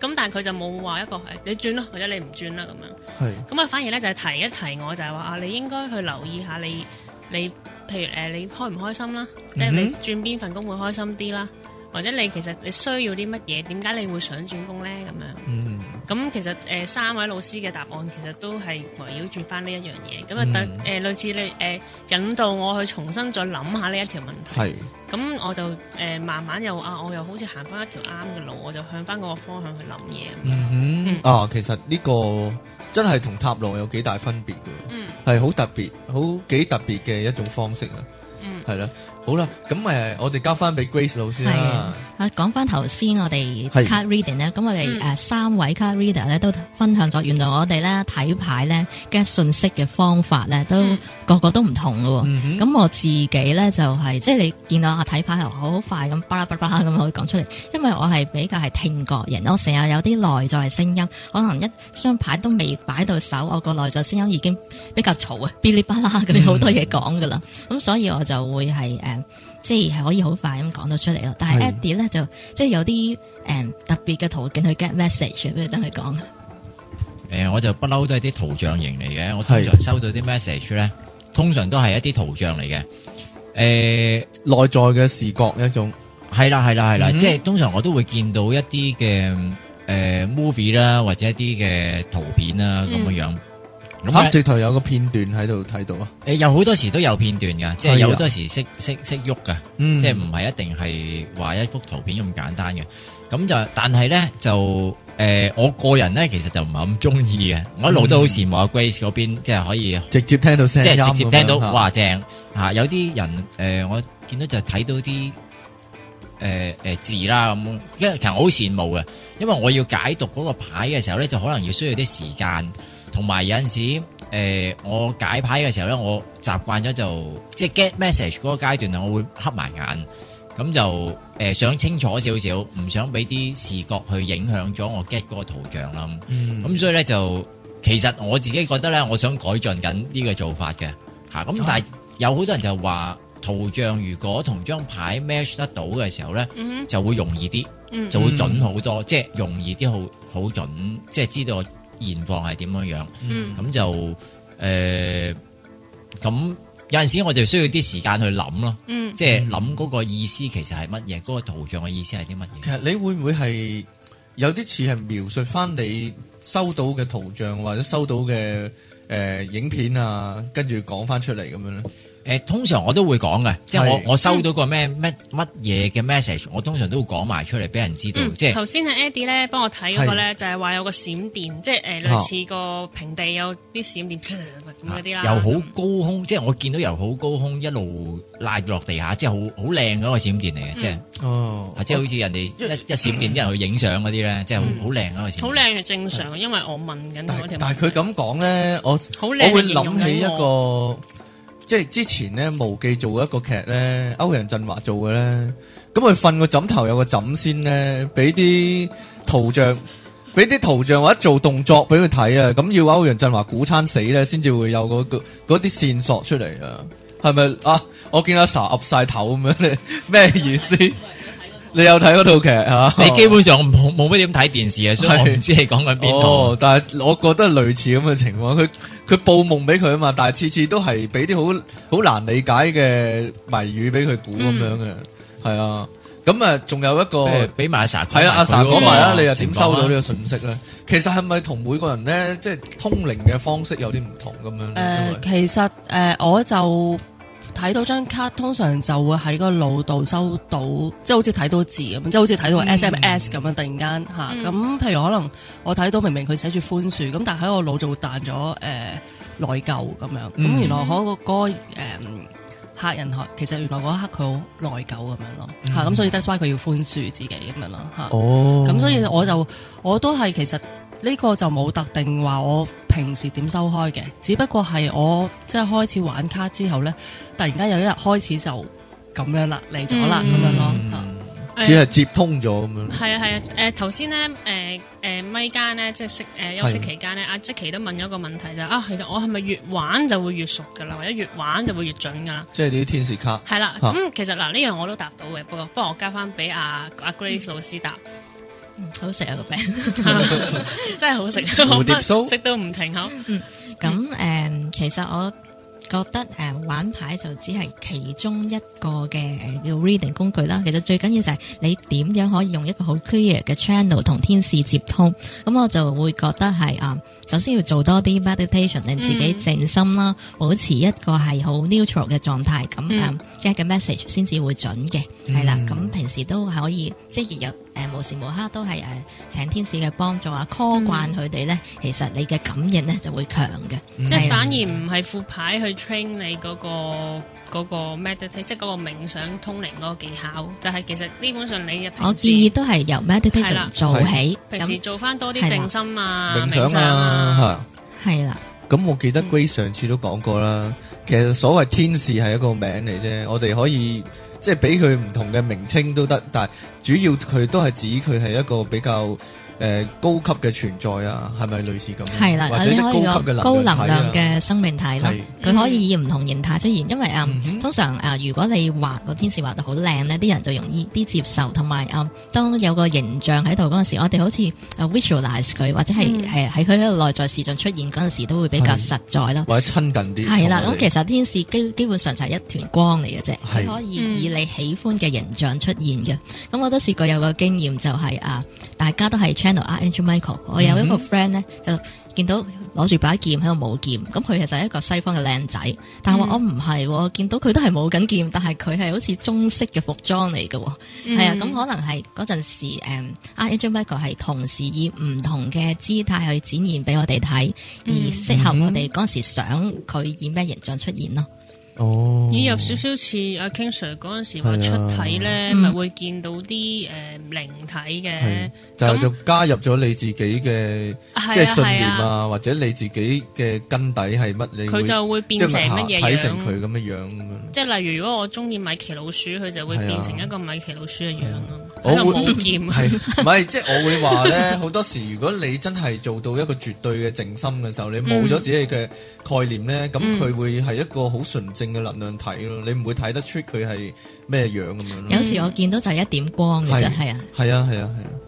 哼但係佢就冇話一個係、哎、你轉咯或者你唔轉啦咁樣，係咁啊反而咧就係提一提我，就係話啊你應該去留意下你。你譬如誒、呃，你開唔開心啦？即係你轉邊份工會開心啲啦？或者你其實你需要啲乜嘢？點解你會想轉工咧？咁樣。嗯。咁其實誒、呃、三位老師嘅答案其實都係圍繞住翻呢一樣嘢。就嗯。咁啊、呃，等誒類似你誒、呃、引導我去重新再諗下呢一條問題。係。咁我就誒、呃、慢慢又啊，我又好似行翻一條啱嘅路，我就向翻嗰個方向去諗嘢。嗯哼。嗯啊，其實呢個。真係同塔羅有幾大分別嘅，嗯、係好特別，好幾特別嘅一種方式啊，嗯、係啦。好啦，咁誒，我哋交翻俾 Grace 老師啊，講翻頭先，我哋 card reading 咧，咁我哋誒三位 card reader 咧都分享咗，原來我哋咧睇牌咧嘅信息嘅方法咧，都、嗯、個個都唔同嘅喎、哦。咁、嗯、哼我自己咧就係、是，即係你見到我睇牌係好快咁巴拉巴拉咁可以講出嚟，因為我係比較係聽覺型，我成日有啲內在聲音，可能一張牌都未擺到手，我個內在聲音已經比較嘈啊，噼里啪啦咁好多嘢講嘅啦。咁所以我就會係誒。嗯即係可以好快咁講到出嚟咯，但係 Eddie 咧就即係有啲誒、嗯、特別嘅途徑去 get message，不如等佢講。誒、呃，我就不嬲都係啲圖像型嚟嘅，我通常收到啲 message 咧，通常都係一啲圖像嚟嘅。誒、呃，內在嘅視覺一種，係啦係啦係啦，啦啦啦啦嗯、即係通常我都會見到一啲嘅誒 movie 啦，或者一啲嘅圖片啦咁嘅樣。嗯吓，嗯、直頭有個片段喺度睇到啊！誒、呃，有好多時都有片段嘅，啊、即係有好多時識識識喐嘅，即係唔係一定係話一幅圖片咁簡單嘅。咁、嗯、就，但係咧就誒、呃，我個人咧其實就唔係咁中意嘅。嗯、我一路都好羨慕 Grace 嗰邊，即係可以直接聽到聲，即係直接聽到，嗯、哇正吓！有啲人誒、呃，我見到就睇到啲誒誒字啦咁，因為其實我好羨慕嘅，因為我要解讀嗰個牌嘅時候咧，就可能要需要啲時間。同埋有陣時誒、呃、我解牌嘅時候咧，我習慣咗就即係 get message 嗰個階段啊，我會黑埋眼，咁就誒、呃、想清楚少少，唔想俾啲視覺去影響咗我 get 嗰個圖像啦。咁、嗯，咁所以咧就其實我自己覺得咧，我想改進緊呢個做法嘅吓，咁、啊、但係有好多人就話圖像如果同張牌 match 得到嘅時候咧，嗯、哼就會容易啲，就會準好多，嗯、即係容易啲好好準，即係知道。現況係點樣樣？咁、嗯、就誒，咁、呃、有陣時我就需要啲時間去諗咯，即係諗嗰個意思其實係乜嘢，嗰、嗯、個圖像嘅意思係啲乜嘢。其實你會唔會係有啲似係描述翻你收到嘅圖像或者收到嘅誒、呃、影片啊，跟住講翻出嚟咁樣咧？誒，通常我都會講嘅，即係我我收到個咩咩乜嘢嘅 message，我通常都會講埋出嚟俾人知道。即係頭先係 Eddie 咧幫我睇嗰個咧，就係話有個閃電，即係誒類似個平地有啲閃電咁嗰啲啦。由好高空，即係我見到由好高空一路拉落地下，即係好好靚嗰個閃電嚟嘅，即係哦，即係好似人哋一一閃電啲人去影相嗰啲咧，即係好好靚嗰個閃。好靚係正常，因為我問緊嗰條。但係佢咁講咧，我我會諗起一個。即係之前咧，無記做一個劇咧，歐陽震華做嘅咧，咁佢瞓個枕頭有個枕先咧，俾啲圖像，俾啲圖像，或者做動作俾佢睇啊，咁要話歐陽震華估餐死咧，先至會有嗰啲線索出嚟啊，係咪啊？我見阿 Sa 噏晒頭咁樣，咩 意思？ 你有睇嗰套劇啊？你基本上冇乜咩點睇電視啊？所以我唔知你講緊邊度。但係我覺得類似咁嘅情況，佢佢報夢俾佢啊嘛，但係次次都係俾啲好好難理解嘅謎語俾佢估咁樣嘅。係、嗯、啊，咁啊，仲有一個俾阿 Sa，係啊，阿 Sa 講埋啦，嗯、你又點收到個訊呢個信息咧？其實係咪同每個人咧，即係通靈嘅方式有啲唔同咁樣？誒，其實誒、呃，我就。睇到張卡，通常就會喺個腦度收到，即係好似睇到字咁，即係好似睇到 S M S 咁樣、嗯！突然間吓，咁、嗯、譬如可能我睇到明明佢寫住寬恕，咁但係喺我腦就會彈咗誒、呃、內疚咁樣。咁、嗯、原來可、嗰個歌誒、呃、客人，其實原來嗰一刻佢好內疚咁樣咯吓，咁、嗯嗯、所以 that's why 佢要寬恕自己咁樣咯吓，哦，咁所以我就我都係其實。呢個就冇特定話我平時點收開嘅，只不過係我即係開始玩卡之後咧，突然間有一日開始就咁樣啦，嚟咗啦咁樣咯，只係、嗯、接通咗咁樣。係啊係啊，誒頭先咧，誒誒米間咧，即係息誒休息期間咧，阿即奇都問咗個問題就是、啊，其實我係咪越玩就會越熟噶啦，或者越玩就會越準噶啦？嗯、即係呢啲天使卡係啦，咁、嗯啊、其實嗱呢樣我都答到嘅，不過不過我交翻俾阿阿 Grace 老師答。嗯、好食啊，個餅， 真係好食，食到唔停口。咁誒，嗯 um, 嗯、其實我覺得誒，玩牌就只係其中一個嘅誒叫 reading 工具啦。其實最緊要就係你點樣可以用一個好 clear 嘅 channel 同天使接通。咁我就會覺得係啊，首先要做多啲 meditation，令自己靜心啦，嗯、保持一個係好 neutral 嘅狀態。咁啊、嗯嗯，即個 message 先至會準嘅。係啦，咁平時都可以即係有。誒，無時無刻都係誒，請天使嘅幫助啊！call 慣佢哋咧，其實你嘅感應咧就會強嘅，即係反而唔係副牌去 train 你嗰個個 meditation 即係嗰個冥想通靈嗰個技巧，就係其實基本上你嘅平時我建議都係由 meditation 做起，平時做翻多啲靜心啊冥想啊吓，係啦。咁我記得 Grey 上次都講過啦，其實所謂天使係一個名嚟啫，我哋可以。即係畀佢唔同嘅名稱都得，但係主要佢都係指佢係一個比較。誒、呃，高級嘅存在啊，係咪類似咁？係啦的，或者高級嘅、啊、高能量嘅生命體啦，佢是可以以唔同形態出現。嗯、因為啊，嗯嗯、通常啊、呃，如果你畫個天使畫得好靚呢，啲人就容易啲接受。同埋啊，當有個形象喺度嗰陣時，我哋好似 visualise 佢，或者係喺佢喺內在視像出現嗰陣時，都會比較實在咯，或者親近啲。係啦的，咁其實天使基基本上就係一團光嚟嘅啫，的是可以以你喜歡嘅形象出現嘅。咁我都試過有個經驗就係、是、啊。大家都係 Channel Archangel Michael 我有一個 friend 咧就見到攞住把劍喺度舞劍，咁佢其實係一個西方嘅靚仔，但係我唔係見到佢都係冇緊劍，但係佢係好似中式嘅服裝嚟㗎，係啊、嗯，咁可能係嗰陣時誒、嗯、Archangel Michael 係同時以唔同嘅姿態去展現俾我哋睇，而適合我哋嗰陣時想佢以咩形象出現咯。哦，咦有少少似阿 King Sir 嗰陣時話出體咧，咪、啊、會見到啲誒靈體嘅，啊、那就就加入咗你自己嘅、啊、即係信念啊，啊或者你自己嘅根底係乜嘢，佢就會變成乜嘢睇成佢咁嘅樣咁樣，即係例如如果我中意米奇老鼠，佢就會變成一個米奇老鼠嘅樣。咯、啊。嗯我會係唔係即係我會話咧，好多時，如果你真係做到一個絕對嘅靜心嘅時候，你冇咗自己嘅概念咧，咁佢會係一個好純正嘅能量體咯，你唔會睇得出佢係咩樣咁樣咧。有時我見到就係一點光嘅，啫係啊係啊係啊係啊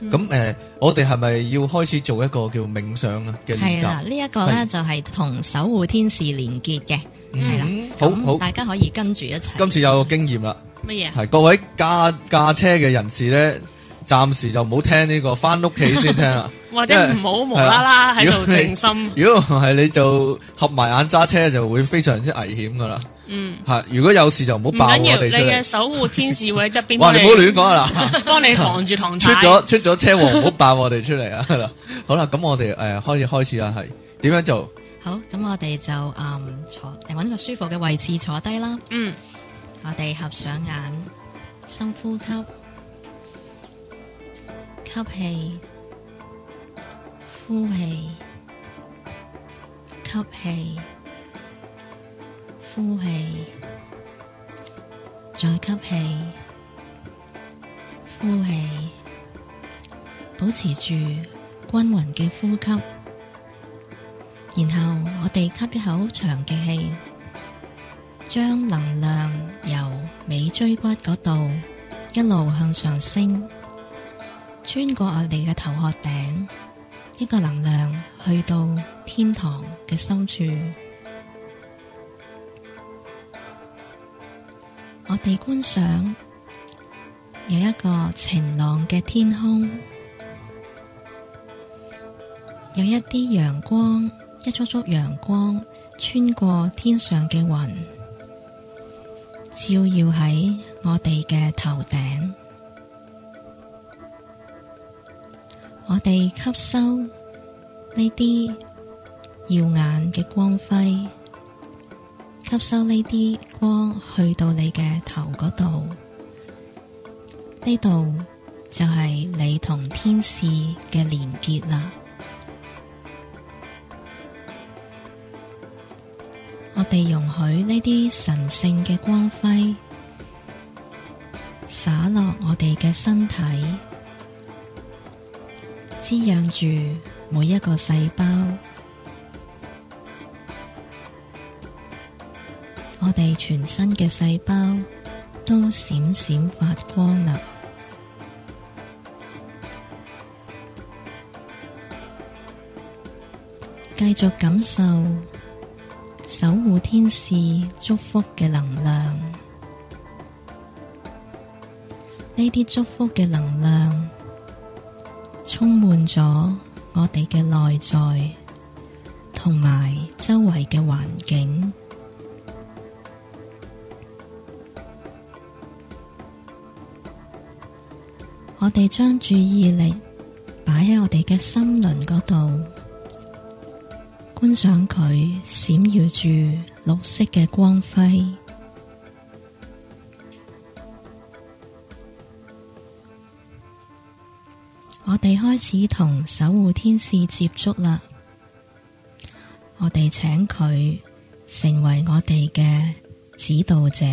吓。咁誒我哋係咪要開始做一個叫冥想啊？係啊，呢一個咧就係同守護天使連結嘅係啦。好好，大家可以跟住一齊，今次有個經驗啦。乜嘢係各位駕駕車嘅人士咧，暫時就唔好聽呢、這個，翻屋企先聽啊， 或者唔好無啦啦喺度靜心、啊。如果係你就 合埋眼揸車，就會非常之危險噶啦。嗯，吓、啊，如果有事就唔好爆我哋出嚟。你嘅守護天使會喺側邊？ 你唔好亂講啊啦，幫 你防住唐。出咗出咗車禍，唔好爆我哋出嚟啊！ 好啦，咁我哋誒、哎、開始開始啦，係點樣做？好，咁我哋就誒、嗯、坐，誒揾個舒服嘅位置坐低啦。嗯。我哋合上眼，深呼吸，吸氣，呼氣，吸氣，呼氣，再吸氣，呼氣，保持住均勻嘅呼吸，然後我哋吸一口長嘅氣。將能量由尾椎骨嗰度一路向上升，穿過我哋嘅頭殼頂，一個能量去到天堂嘅深處。我哋觀想有一個晴朗嘅天空，有一啲陽光，一束束陽光穿過天上嘅雲。照耀喺我哋嘅頭頂，我哋吸收呢啲耀眼嘅光輝，吸收呢啲光去到你嘅頭嗰度，呢度就係你同天使嘅連結啦。我哋容許呢啲神聖嘅光輝灑落我哋嘅身體，滋養住每一個細胞。我哋全身嘅細胞都閃閃發光啦，繼續感受。守護天使祝福嘅能量，呢啲祝福嘅能量充滿咗我哋嘅內在，同埋周圍嘅環境。我哋將注意力擺喺我哋嘅心輪嗰度。觀賞佢閃耀住綠色嘅光輝，我哋開始同守護天使接觸啦。我哋請佢成為我哋嘅指導者，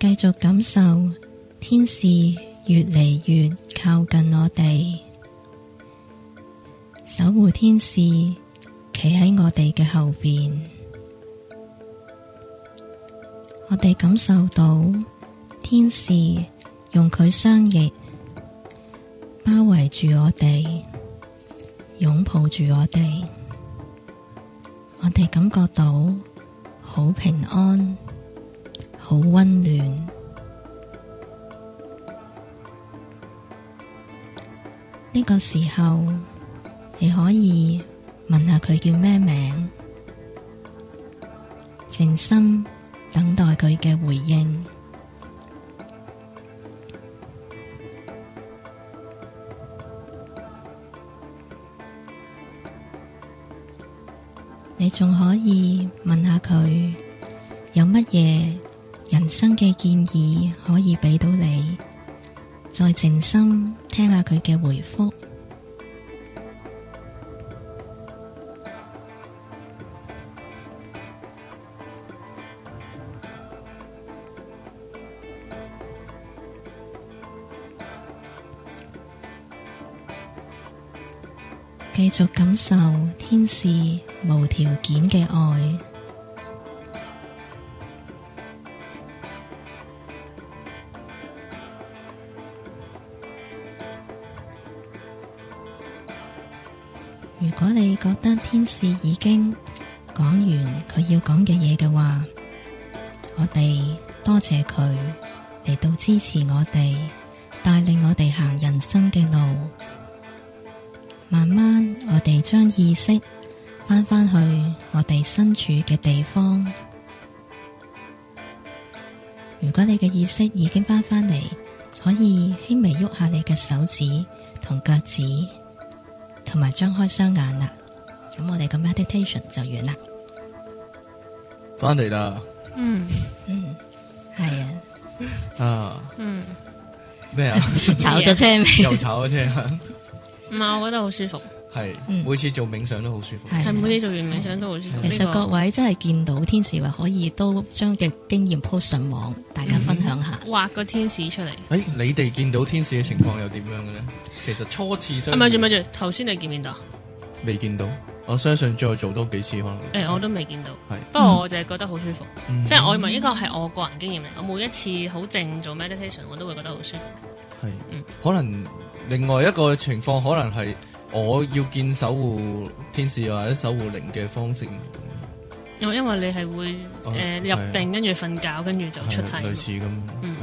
繼續感受天使，越嚟越靠近我哋，守護天使企喺我哋嘅後邊，我哋感受到天使用佢雙翼包圍住我哋，擁抱住我哋，我哋感覺到好平安，好溫暖。呢個時候，你可以問下佢叫咩名，靜心等待佢嘅回應。你仲可以問下佢有乜嘢人生嘅建議可以畀到你。再靜心聽下佢嘅回覆，繼續感受天使無條件嘅愛。當天使已經講完佢要講嘅嘢嘅話，我哋多謝佢嚟到支持我哋，帶領我哋行人生嘅路。慢慢，我哋將意識翻返去我哋身處嘅地方。如果你嘅意識已經翻返嚟，可以輕微喐下你嘅手指同腳趾，同埋張開雙眼啦！咁我哋個 meditation 就完啦，翻嚟啦，嗯 嗯係 啊，啊嗯咩啊？麼 炒咗車未？ 又炒咗了車唔係， 我覺得好舒服。係每次做冥想都好舒服。係、嗯、每次做完冥想都好舒服。嗯、其實各位真係見到天使話可以都將嘅經驗 post 上網，大家分享下，畫、嗯、個天使出嚟。誒、欸，你哋見到天使嘅情況又點樣嘅咧？其實初次相、啊，咪住咪住，頭先你見唔見到？未見到。我相信再做多幾次可能。誒、欸，我都未見到。係是，不過我就係覺得好舒服。嗯、即係我以為，呢個係我個人經驗嚟。嗯、我每一次好靜做 meditation，我都會覺得好舒服。係是，嗯、可能另外一個情況，可能係我要見守護天使或者守護靈嘅方式。嗯、哦，因為你係會誒入定，跟住瞓覺，跟住就出體。類似咁樣，啊、嗯。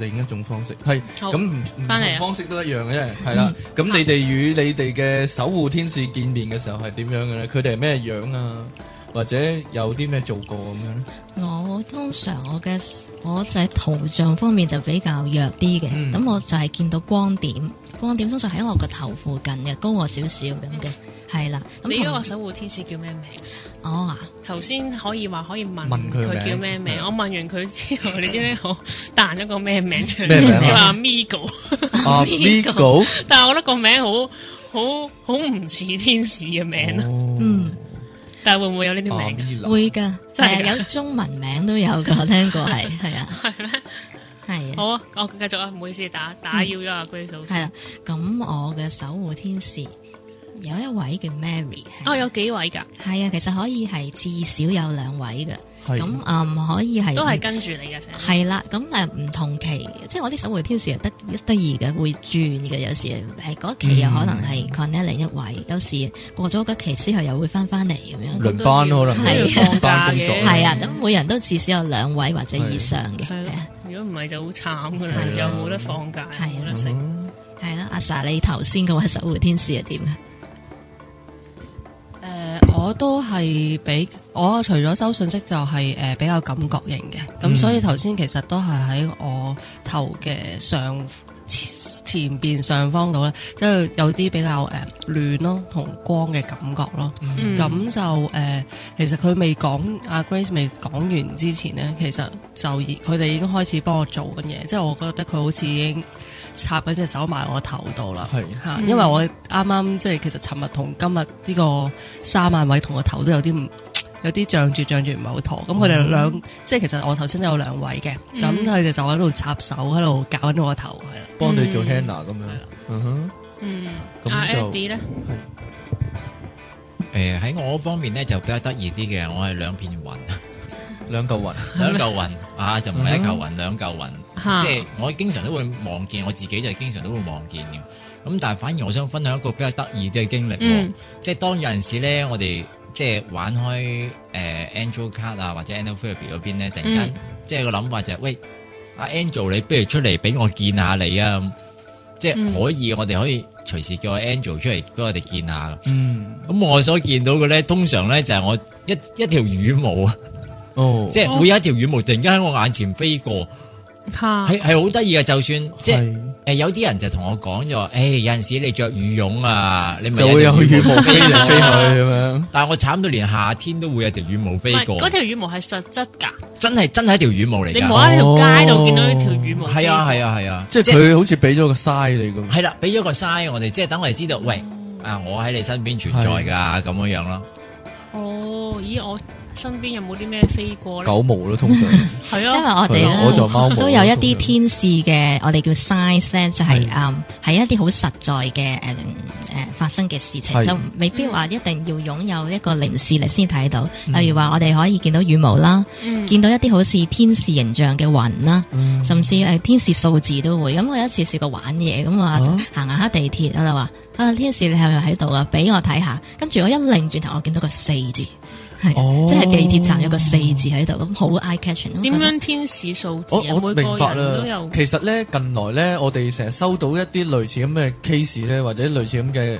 另一種方式係咁，唔同方式都一樣嘅，係啦。咁、嗯、你哋與你哋嘅守護天使見面嘅時候係點樣嘅咧？佢哋係咩樣、樣啊？或者有啲咩做過咁樣咧？我通常我嘅我就喺圖像方面就比較弱啲嘅，咁、嗯、我就係見到光點。光點通常喺我個頭附近嘅，高我少少咁嘅，係啦。你嗰個守護天使叫咩名？哦，頭先可以話可以問佢叫咩名？我問完佢之後，你知咩？好，我彈咗個咩名出嚟？咩名？叫阿 Migo。阿 Migo，但係我覺得個名好好好唔似天使嘅名啊。嗯，但係會唔會有呢啲名？會㗎，真係有中文名都有㗎，我聽過，係係啊。係咩？係好啊！哦繼續啊！唔好意思，打打擾咗阿 Grace 老師。係啊，咁我嘅守護天使有一位叫 Mary。哦，有幾位噶？係啊，其實可以係至少有兩位嘅。咁啊，可以係都係跟住你嘅成。係啦，咁誒唔同期，即係我啲守護天使得一得二嘅，會轉嘅。有時誒嗰期又可能係 connect 另一位，有時過咗嗰期之後又會翻翻嚟咁樣輪班咯可能係啊，輪班工作係啊，咁每人都至少有兩位或者以上嘅。唔係就好慘噶啦，了又冇得放假，冇了得食，係啦了、嗯。阿 Sir，你頭先嘅話守護天使係點咧？誒、呃，我都係比我除咗收信息、就係，就係誒比較感覺型嘅，咁、嗯、所以頭先其實都係喺我頭嘅上前面上方度咧，即係有啲比較誒、呃、暖咯同光嘅感覺咯，咁、mm hmm. 就誒、呃、其實佢未講，阿、啊、Grace 未講完之前咧，其實就已佢哋已經開始幫我做緊嘢，即係我覺得佢好似已經插緊隻手埋我頭度啦，嚇、mm！Hmm. 因為我啱啱即係其實尋日同今日呢個三眼位同個頭都有啲唔有啲脹住脹住唔係好妥，咁佢哋兩即係其實我頭先都有兩位嘅，咁佢哋就喺度插手喺度搞緊我個頭，係啦，幫你做 handler 咁樣，嗯哼，嗯，咁就咧，係，誒喺我方面咧就比較得意啲嘅，我係兩片雲，兩嚿雲，兩嚿雲啊就唔係一嚿雲，兩嚿雲，即係我經常都會望見，我自己就係經常都會望見嘅，咁但係反而我想分享一個比較得意啲嘅經歷，即係當有陣時咧我哋。即係玩開誒，Angel Card 啊，或者 Angel Fury 嗰邊咧，突然間即係個諗法就係喂，阿 Angel 你不如出嚟俾我見下你啊，即係可以，我哋可以隨時叫我 Angel 出嚟俾我哋見下。嗯，咁我所見到嘅咧，通常咧就係我一一條羽毛啊，哦，即係會有一條羽毛突然間喺我眼前飛過。係係好得意嘅，就算即係誒，有啲人就同我講咗，誒、欸，有陣時你着羽絨啊，你咪有，有羽毛飛去咁樣。 但係我慘到連夏天都會有條羽毛飛過。嗰條羽毛係實質噶，真係真係一條羽毛嚟。你冇喺條街度見到條羽毛？係啊係啊係啊，啊啊啊啊即係佢好似俾咗個 size 你咁、啊。係啦，俾咗個 size 我哋，即係等我哋知道，喂，嗯、啊，我喺你身邊存在噶咁的樣樣咯。哦，咦，我。身邊有冇啲咩飛過？狗毛咯，通常係 啊，因為我哋都,我都有一啲天使嘅， 我哋叫 size 咧，就係、是、啊，係是、嗯、一啲好實在嘅誒誒，發生嘅事情，是就未必話一定要擁有一個靈視力先睇到。例、嗯、如話我哋可以見到羽毛啦，見、嗯、到一啲好似天使形象嘅雲啦，嗯、甚至誒、呃、天使數字都會。咁、嗯、我有一次試過玩嘢，咁啊行下下地鐵，我就話啊天使你係咪喺度啊？俾我睇下。跟住我一擰轉頭，我見到個四字。係，oh。即係地鐵站有個四字喺度，咁好 eye catching 咯。點樣天使數字？我我每個人明白都有。其實咧，近來咧，我哋成日收到一啲類似咁嘅 case 咧，或者類似咁嘅。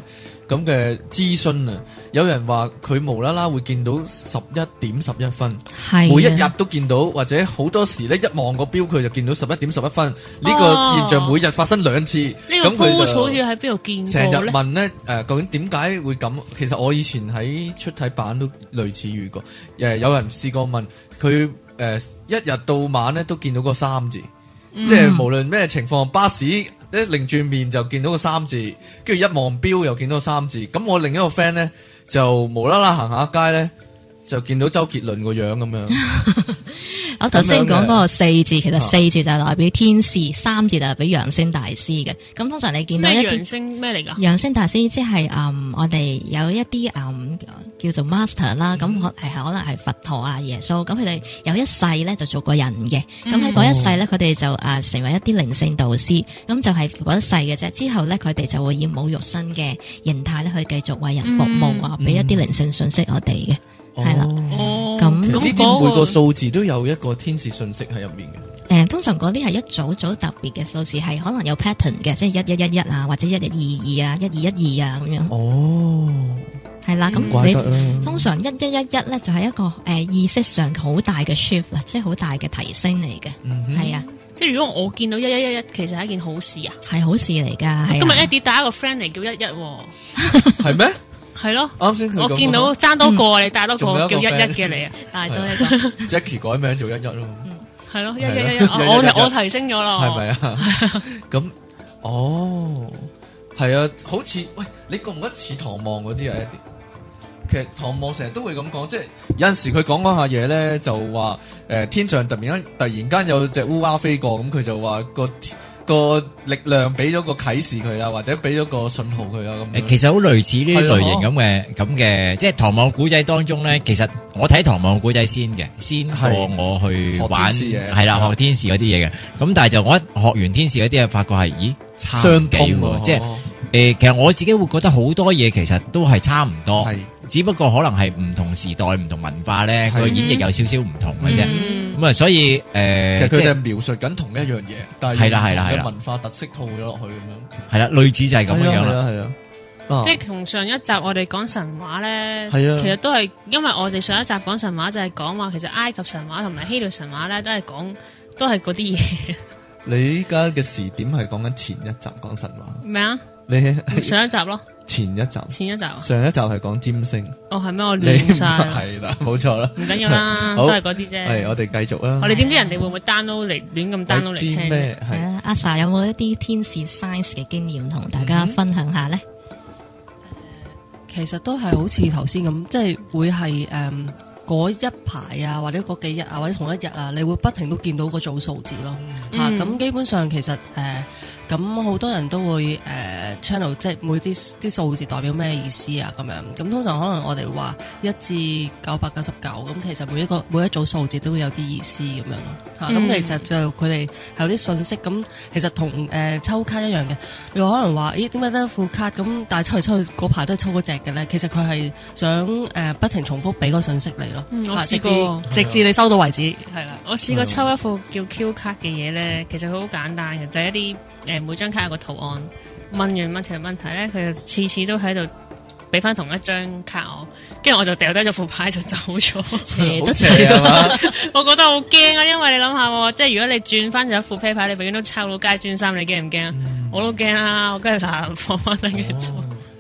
咁嘅諮詢啊。有人話佢無啦啦會見到十一點十一分，的每一日都見到，或者好多時咧一望個表佢就見到十一點十一分。呢、啊、個現象每日發生兩次。咁佢就好似喺邊度見？成日問呢，誒、呃，究竟點解會咁？其實我以前喺出體版都類似遇過。誒、呃，有人試過問佢誒、呃，一日到晚咧都見到個三字，嗯、即係無論咩情況，巴士。一擰轉面就見到個三字，跟住一望表又見到個三字。咁我另一個 friend 咧就無啦啦行下街咧，就見到周杰倫個樣咁樣。 我頭先講嗰個四字，其實四字就係代表天使，三字就係俾揚升大師嘅。咁通常你見到咩揚升咩嚟㗎？揚升大師即係誒、嗯，我哋有一啲誒、嗯、叫做 master 啦。咁、嗯、可能係佛陀啊、耶穌咁，佢哋有一世咧就做過人嘅。咁喺嗰一世咧，佢哋就誒成為一啲靈性導師。咁就係、是、嗰一世嘅啫。之後咧，佢哋就會以冇肉身嘅形態咧，去繼續為人服務啊，俾、嗯嗯、一啲靈性信息我哋嘅，係啦、嗯。了咁呢啲每個數字都有一個天使信息喺入面嘅。誒、嗯，通常嗰啲係一組組特別嘅數字，係可能有 pattern 嘅，即係一一一一啊，或者一一二二啊，一二一二啊咁樣。哦，係啦的，咁、嗯、你、嗯、通常一一一一咧，就係一個誒、呃、意識上好大嘅 shift 即係好大嘅提升嚟嘅。嗯哼，係啊的，即係如果我見到一一一一，其實係一件好事啊，係好事嚟噶。今日 Eddie 打一個 friend 嚟叫一一，係咩？ 係咯，啱先我見到爭多個，你大多個叫一一嘅你啊，大多一個。Jackie 改名做一一咯，係咯一一一，我我提升咗咯，係咪啊？咁哦，係啊，好似喂，你覺唔覺得似唐望嗰啲啊一啲。其實唐望成日都會咁講，即係有陣時佢講嗰下嘢咧，就話誒天上突然間突然間有隻烏鴉飛過，咁佢就話個。個力量俾咗個啟示佢啦，或者俾咗個信號佢啦咁樣，其實好類似呢類型咁嘅咁嘅，即係唐望古仔當中咧。其實我睇唐望古仔先嘅，先助我去玩係啦，學天使嗰啲嘢嘅。咁但係就我一學完天使嗰啲啊，發覺係咦，差唔多。相即係是誒，的其實我自己會覺得好多嘢其實都係差唔多。只不過可能係唔同時代、唔同文化呢，佢演繹有少少唔同嘅啫，咁啊，所以呃，其實佢哋描述緊同一樣嘢，但係啦係啦係啦，文化特色套咗落去咁樣。係啦，類似就係咁樣啦。係啊係啊，即係同上一集我哋講神話呢，係啊，其實都係，因為我哋上一集講神話就係講話，其實埃及神話同埋希臘神話呢都係講，都係嗰啲嘢。你而家嘅時點係講緊前一集講神話咩啊？你上一集囉。前一集，前一集，上一集係講占星。哦係咩？我亂晒，係 啦，冇錯啦，唔緊要啦，都係嗰啲啫。係，我哋繼續啦。我哋、哦、點知人哋會唔會 download 嚟，亂咁 download 嚟聽咧、呃？阿 sa 有冇一啲天使 s i z e 嘅經驗同大家分享下咧？嗯、其實都係好似頭先咁，即係會係誒嗰一排啊，或者嗰幾日啊，或者同一日啊，你會不停都見到個組數字咯。吓咁、嗯，啊、基本上其實誒。呃咁好多人都會誒、uh, channel 即係每啲啲數字代表咩意思啊，咁樣咁通常可能我哋話一至九百九十九咁，其實每一個每一組數字都會有啲意思咁樣咯咁、嗯嗯、其實就佢哋有啲信息咁，其實同誒、呃、抽卡一樣嘅。如果可能話，咦點解得一副卡咁，但係抽嚟抽去嗰排都係抽嗰隻嘅咧？其實佢係想誒、呃、不停重複俾個信息你咯、嗯。我試過直至，了直至你收到為止，係啦。我試過抽一副叫 Q 卡嘅嘢咧，其實佢好簡單嘅，就係、是、一啲。誒，每張卡有個圖案，問完問題問題咧，佢就次次都喺度俾翻同一張卡我，跟住我就掉低咗副牌就走咗，邪得邪啊！我覺得好驚啊，因為你諗下，即係如果你轉翻咗副啤牌，你永遠都抽到葵扇三，你驚唔驚啊？我都驚啊，我跟住嗱放翻你嘅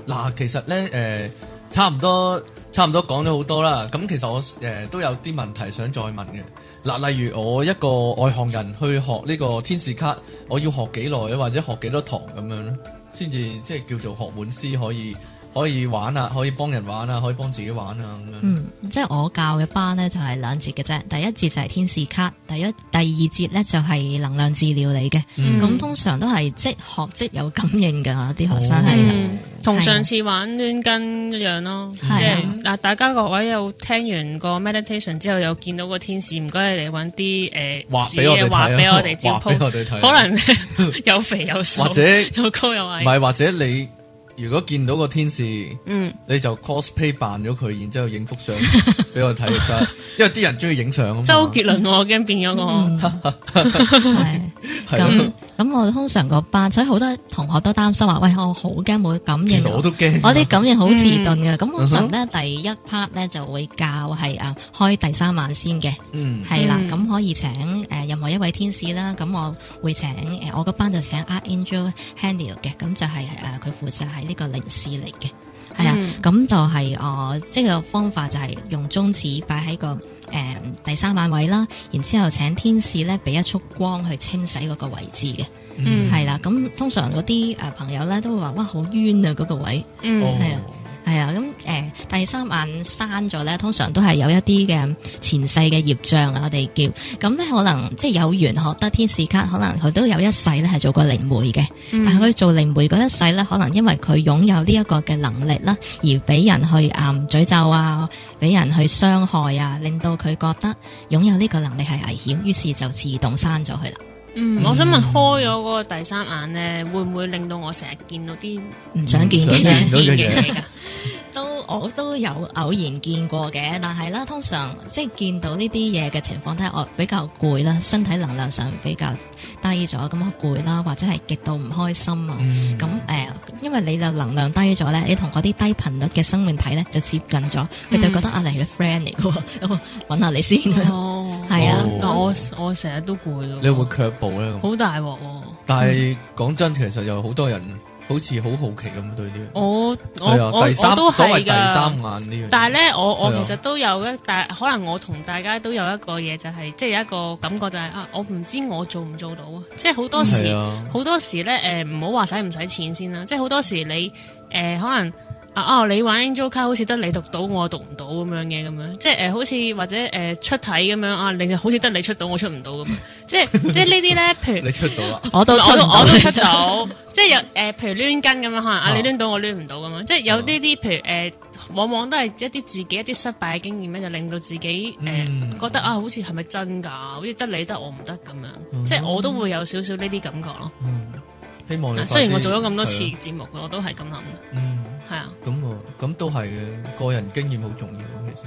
嗱，其實咧，誒、呃，差唔多，差唔多講咗好多啦。咁其實我誒都有啲問題想再問嘅。嗱，例如我一個外行人去學呢個天使卡，我要學幾耐，或者學幾多堂咁樣咧，先至即係叫做學滿師可以。可以玩啊，可以幫人玩啊，可以幫自己玩啊咁樣。嗯，即、就、係、是、我教嘅班呢，就係兩節嘅啫，第一節就係天使卡，第一第二節呢，就係能量治療嚟嘅。咁、嗯、通常都係即學即有感應噶，啲學生係。同上次玩攣筋一樣咯，即係嗱，就是啊、大家各位有聽完個 meditation 之後，有見到個天使，唔該你嚟搵啲誒，畫、呃、俾我哋睇、啊，俾我哋照鋪、啊、可能 有肥有瘦， 或者有高有矮，唔係或者你。如果見到個天使，嗯，你就 cosplay 扮咗佢，然之後影幅相俾我睇得，因為啲人中意影相啊。周杰倫我驚變咗我。係咁咁我通常個班，所以好多同學都擔心話，喂，我好驚冇感應。其實我都驚，我啲感應好遲鈍嘅。咁通常咧第一 part 咧就會教係啊開第三晚先嘅，嗯，係啦，咁可以請誒任何一位天使啦，咁我會請誒我個班就請 Archangel Haniel 嘅，咁就係誒佢負責係。呢個零視嚟嘅，係啊、嗯，咁就係、是、哦、呃，即係個方法就係用中指擺喺個誒、呃、第三萬位啦，然之後請天使咧俾一束光去清洗嗰個位置嘅，係啦、嗯，咁通常嗰啲誒朋友咧都會話哇好冤啊，嗰、那個位，係啊、嗯。的係啊，咁誒、嗯，第三晚刪咗咧，通常都係有一啲嘅前世嘅業障啊，我哋叫咁咧，可能即係有緣學得天使卡，可能佢都有一世咧係做過靈媒嘅，但係佢做靈媒嗰一世咧，可能因為佢擁有呢一個嘅能力啦，而俾人去暗詛咒啊，俾人去傷害啊，令到佢覺得擁有呢個能力係危險，於是就自動刪咗佢啦。嗯，我想問開咗嗰個第三眼咧，嗯、會唔會令到我成日見到啲唔想見嘅嘢？嗯 都我都有偶然見過嘅，但係啦，通常即係見到呢啲嘢嘅情況底下，我比較攰啦，身體能量上比較低咗，咁我攰啦，或者係極度唔開心啊，咁誒、嗯呃，因為你就能量低咗咧，你同嗰啲低頻率嘅生命體咧就接近咗，佢就覺得啊你係 friend 嚟嘅，揾下你先，哦，係哈、哦、啊，哦、我我成日都攰咯，你會卻步咧，好大鑊喎，但係講真，其實有好多人。好似好好奇咁對啲，我的我第三我我都係㗎。但係咧，我我其實都有一大，可能我同大家都有一個嘢，就係即係有一個感覺、就係，就係啊，我唔知我做唔做到啊！即係好多時，好的多時咧，誒唔好話使唔使錢先啦，即係好多時你誒、呃、可能。哦、啊，你玩 Angel Card 好似得你讀到，我讀唔到咁樣嘅，咁樣即係誒、呃，好似或者誒出體咁樣啊，你好似得你出到，我出唔到咁啊，即係即係呢啲咧，譬如你出到啊， 我都出，我都出到，即係誒，譬如亂跟咁樣可能啊，你亂到我亂唔到咁啊，即係有呢啲譬如誒、呃，往往都係一啲自己一啲失敗嘅經驗咧，就令到自己誒、呃嗯、覺得啊，好似係咪真㗎，好似得你得我唔得咁樣，即係、嗯、我都會有少少呢啲感覺咯、嗯。希望你。雖然我做咗咁多次節目，了我都係咁諗係啊，咁咁都係嘅，個人經驗好重要其實。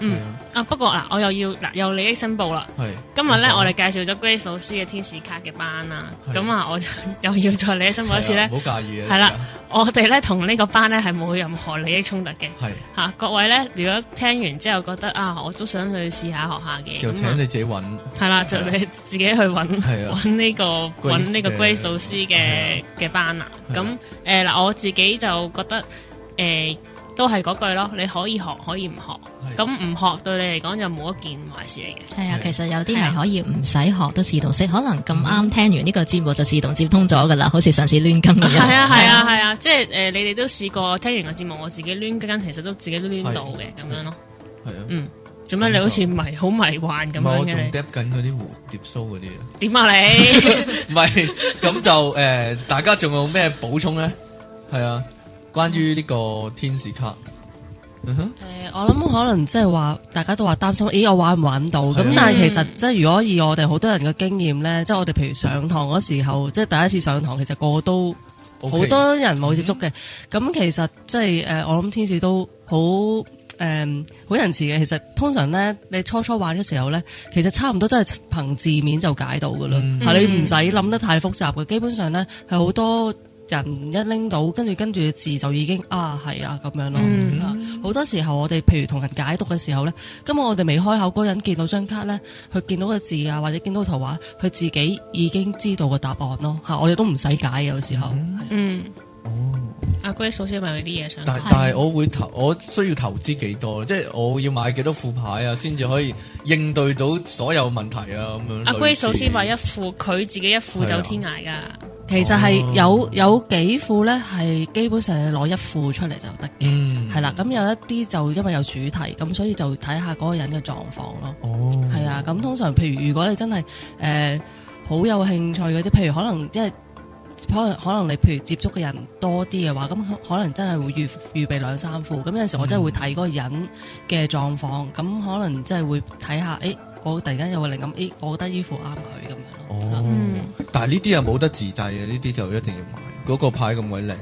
嗯啊，不過嗱，我又要嗱，有利益申報啦。係，今日咧，我哋介紹咗 Grace 老師嘅天使卡嘅班啦。咁啊，我就又要再利益申報一次咧，唔好介意啊。係啦，我哋咧，同呢個班咧，係冇任何利益衝突嘅。係。吓，各位咧，如果聽完之後覺得啊，我都想去試下學下嘅，就請你自己搵。係啦，就你自己去搵，搵呢個呢個 Grace 老師嘅嘅班啊。咁，誒嗱，我自己就覺得誒。都係嗰句咯，你可以學，可以唔學，咁唔學對你嚟講就冇一件壞事嚟嘅。係啊，其實有啲係可以唔使學都自動識，可能咁啱聽完呢個節目就自動接通咗噶啦，好似上次攣根咁。係啊係啊係啊，即係誒，你哋都試過聽完個節目，我自己攣根其實都自己都攣到嘅咁樣咯。係啊，嗯，做咩你好似迷好迷幻咁樣嘅？我仲耷緊嗰啲蝴蝶酥，嗰啲啊？點啊你？唔係，咁就誒，大家仲有咩補充咧？係啊。關於呢個天使卡，誒、嗯呃，我諗可能即係話，大家都話擔心，咦、欸，我玩唔玩到？咁、啊、但係其實即係、嗯、如果以我哋好多人嘅經驗咧，即、就、係、是、我哋譬如上堂嗰時候，即、就、係、是、第一次上堂，其實個個都好多人冇接觸嘅。咁、嗯嗯、其實即係誒，我諗天使都好誒，好、嗯、仁慈嘅。其實通常咧，你初初玩嘅時候咧，其實差唔多真係憑字面就解到㗎喇。係、嗯、你唔使諗得太複雜嘅，基本上咧係好多。嗯嗯人一拎到，跟住跟住嘅字就已經啊，係啊咁樣咯。好、嗯、多時候我哋，譬如同人解讀嘅時候呢，根本我哋未開口，嗰人見到張卡呢，佢見到個字啊，或者見到個圖畫，佢自己已經知道個答案咯。嚇、啊，我哋都唔使解嘅，有時候。嗯。嗯 Oh. 阿 Grace 首先問佢啲嘢，但係但係我會投，我需要投資幾多？即係我要買幾多副牌啊，先至可以應對到所有問題啊咁樣。啊、阿 Grace 首先話一副，佢自己一副走天涯噶、啊，其實係有有幾副咧，係基本上係攞一副出嚟就得嘅，係啦、嗯。咁、啊、有一啲就因為有主題，咁所以就睇下嗰個人嘅狀況咯。哦，係啊。咁通常，譬如如果你真係誒、呃、好有興趣嗰啲，譬如可能即係。可能可能你譬如接觸嘅人多啲嘅話，咁可能真係會預預備兩三副。咁有陣時我真係會睇嗰個人嘅狀況，咁、嗯、可能真係會睇下，誒、欸，我突然間有個靈感，誒、欸，我覺得呢副啱佢咁樣咯。哦嗯、但係呢啲又冇得自製嘅，呢啲就一定要買嗰、那個牌咁鬼靚。誒、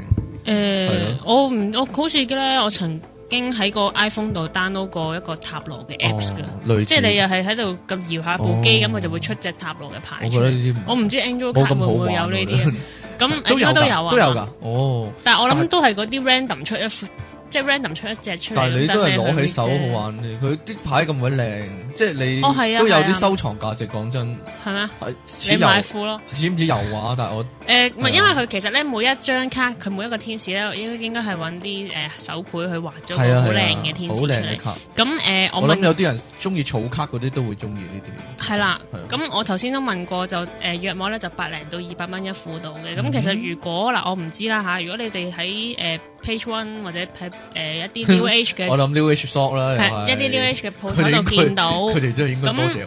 欸，我我好似咧，我曾經喺個 iPhone 度 download 過一個塔羅嘅 Apps 㗎，即係你又係喺度咁搖下部機，咁佢、哦、就會出隻塔羅嘅牌出嚟。我唔知 Angel 卡會唔會有呢啲？咁應該都有啊，都有㗎，哦。但係我諗都係嗰啲 random 出一。即係 random 出一隻出嚟，但係你都係攞起手好玩。佢啲牌咁鬼靚，即係你都有啲收藏價值。講真，係咩？係，買咯？唔知油畫？但係我誒，因為佢其實咧，每一張卡，佢每一個天使咧，應應該係揾啲誒手繪去畫咗好靚嘅天使好靚嘅卡。咁誒，我諗有啲人中意儲卡嗰啲都會中意呢啲。係啦，咁我頭先都問過，就誒約莫咧就百零到二百蚊一副到嘅。咁其實如果嗱，我唔知啦吓。如果你哋喺誒。Page One 或者睇誒一啲 New Age 嘅，我諗 New Age Shop 啦，一啲 New Age 嘅鋪頭度見到，咁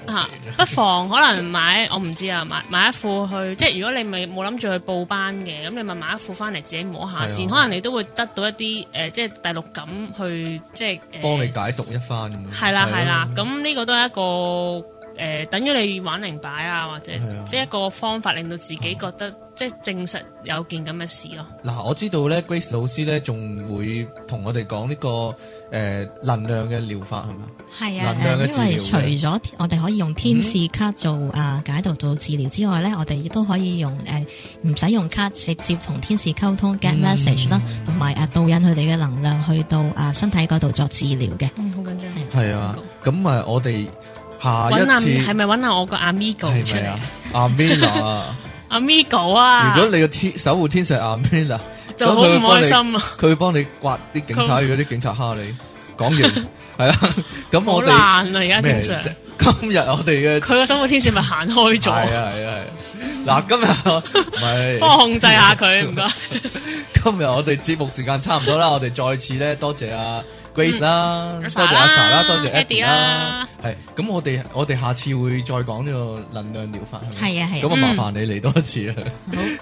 不妨可能買我唔知啊，買買一副去，即係如果你咪冇諗住去報班嘅，咁你咪買一副翻嚟自己摸下先，可能你都會得到一啲誒，即係第六感去，即係幫你解讀一番，係啦係啦，咁呢個都係一個。誒、呃，等於你玩靈擺啊，或者即係、啊、一個方法，令到自己覺得即係、哦、證實有件咁嘅事咯。嗱，我知道咧，Grace 老師咧，仲會同我哋講呢、呢個誒、呃、能量嘅療法係嘛？係啊，能量因為除咗我哋可以用天使卡做、嗯、啊解讀做治療之外咧，我哋亦都可以用誒唔使用卡直接同天使溝通 get message 啦、嗯，同埋啊導引佢哋嘅能量去到啊身體嗰度作治療嘅。好、嗯、緊張。係啊，咁啊，我哋。下一次係咪搵下我個阿米哥出嚟？阿米娜啊？阿米哥啊！如果你個天守護天使阿米娜，就好唔開心啊！佢會幫你刮啲警察，如果啲警察蝦你，講完係啦。咁我爛啦，而家天神。今日我哋嘅佢個守護天使咪行開咗？係啊係啊係。嗱，今日唔係幫我控制下佢，唔該。今日我哋節目時間差唔多啦，我哋再次咧多謝阿 Grace 啦，多謝阿 Sa 啦，多謝 Eddie 啦，係咁，我哋我哋下次會再講呢個能量療法係咪？係啊係。咁啊，麻煩你嚟多一次啊！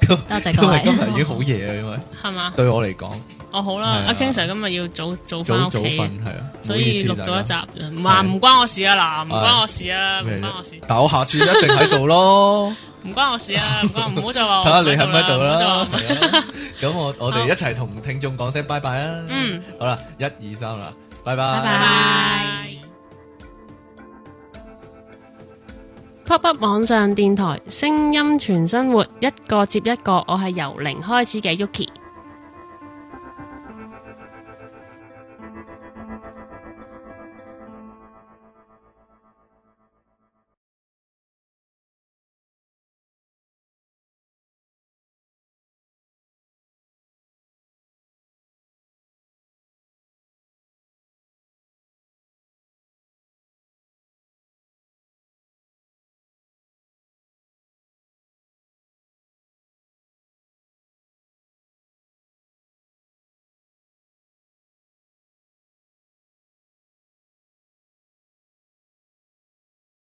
多謝各位。都係今日已經好夜啊，因為係嘛？對我嚟講，哦好啦，阿 Ken sir 今日要早早翻早早瞓係啊，所以錄到一集，唔啊唔關我事啊嗱，唔關我事啊，唔關我事。但我下次一定喺度咯，唔關我事啊，唔好再話睇下你喺唔喺度啦。咁我我哋一齊同聽眾講聲拜拜啊！嗯，好啦，一二三啦。拜拜！拜拜。pop pop 網上電台，聲音全生活，一個接一個。我係由零開始嘅 Yuki。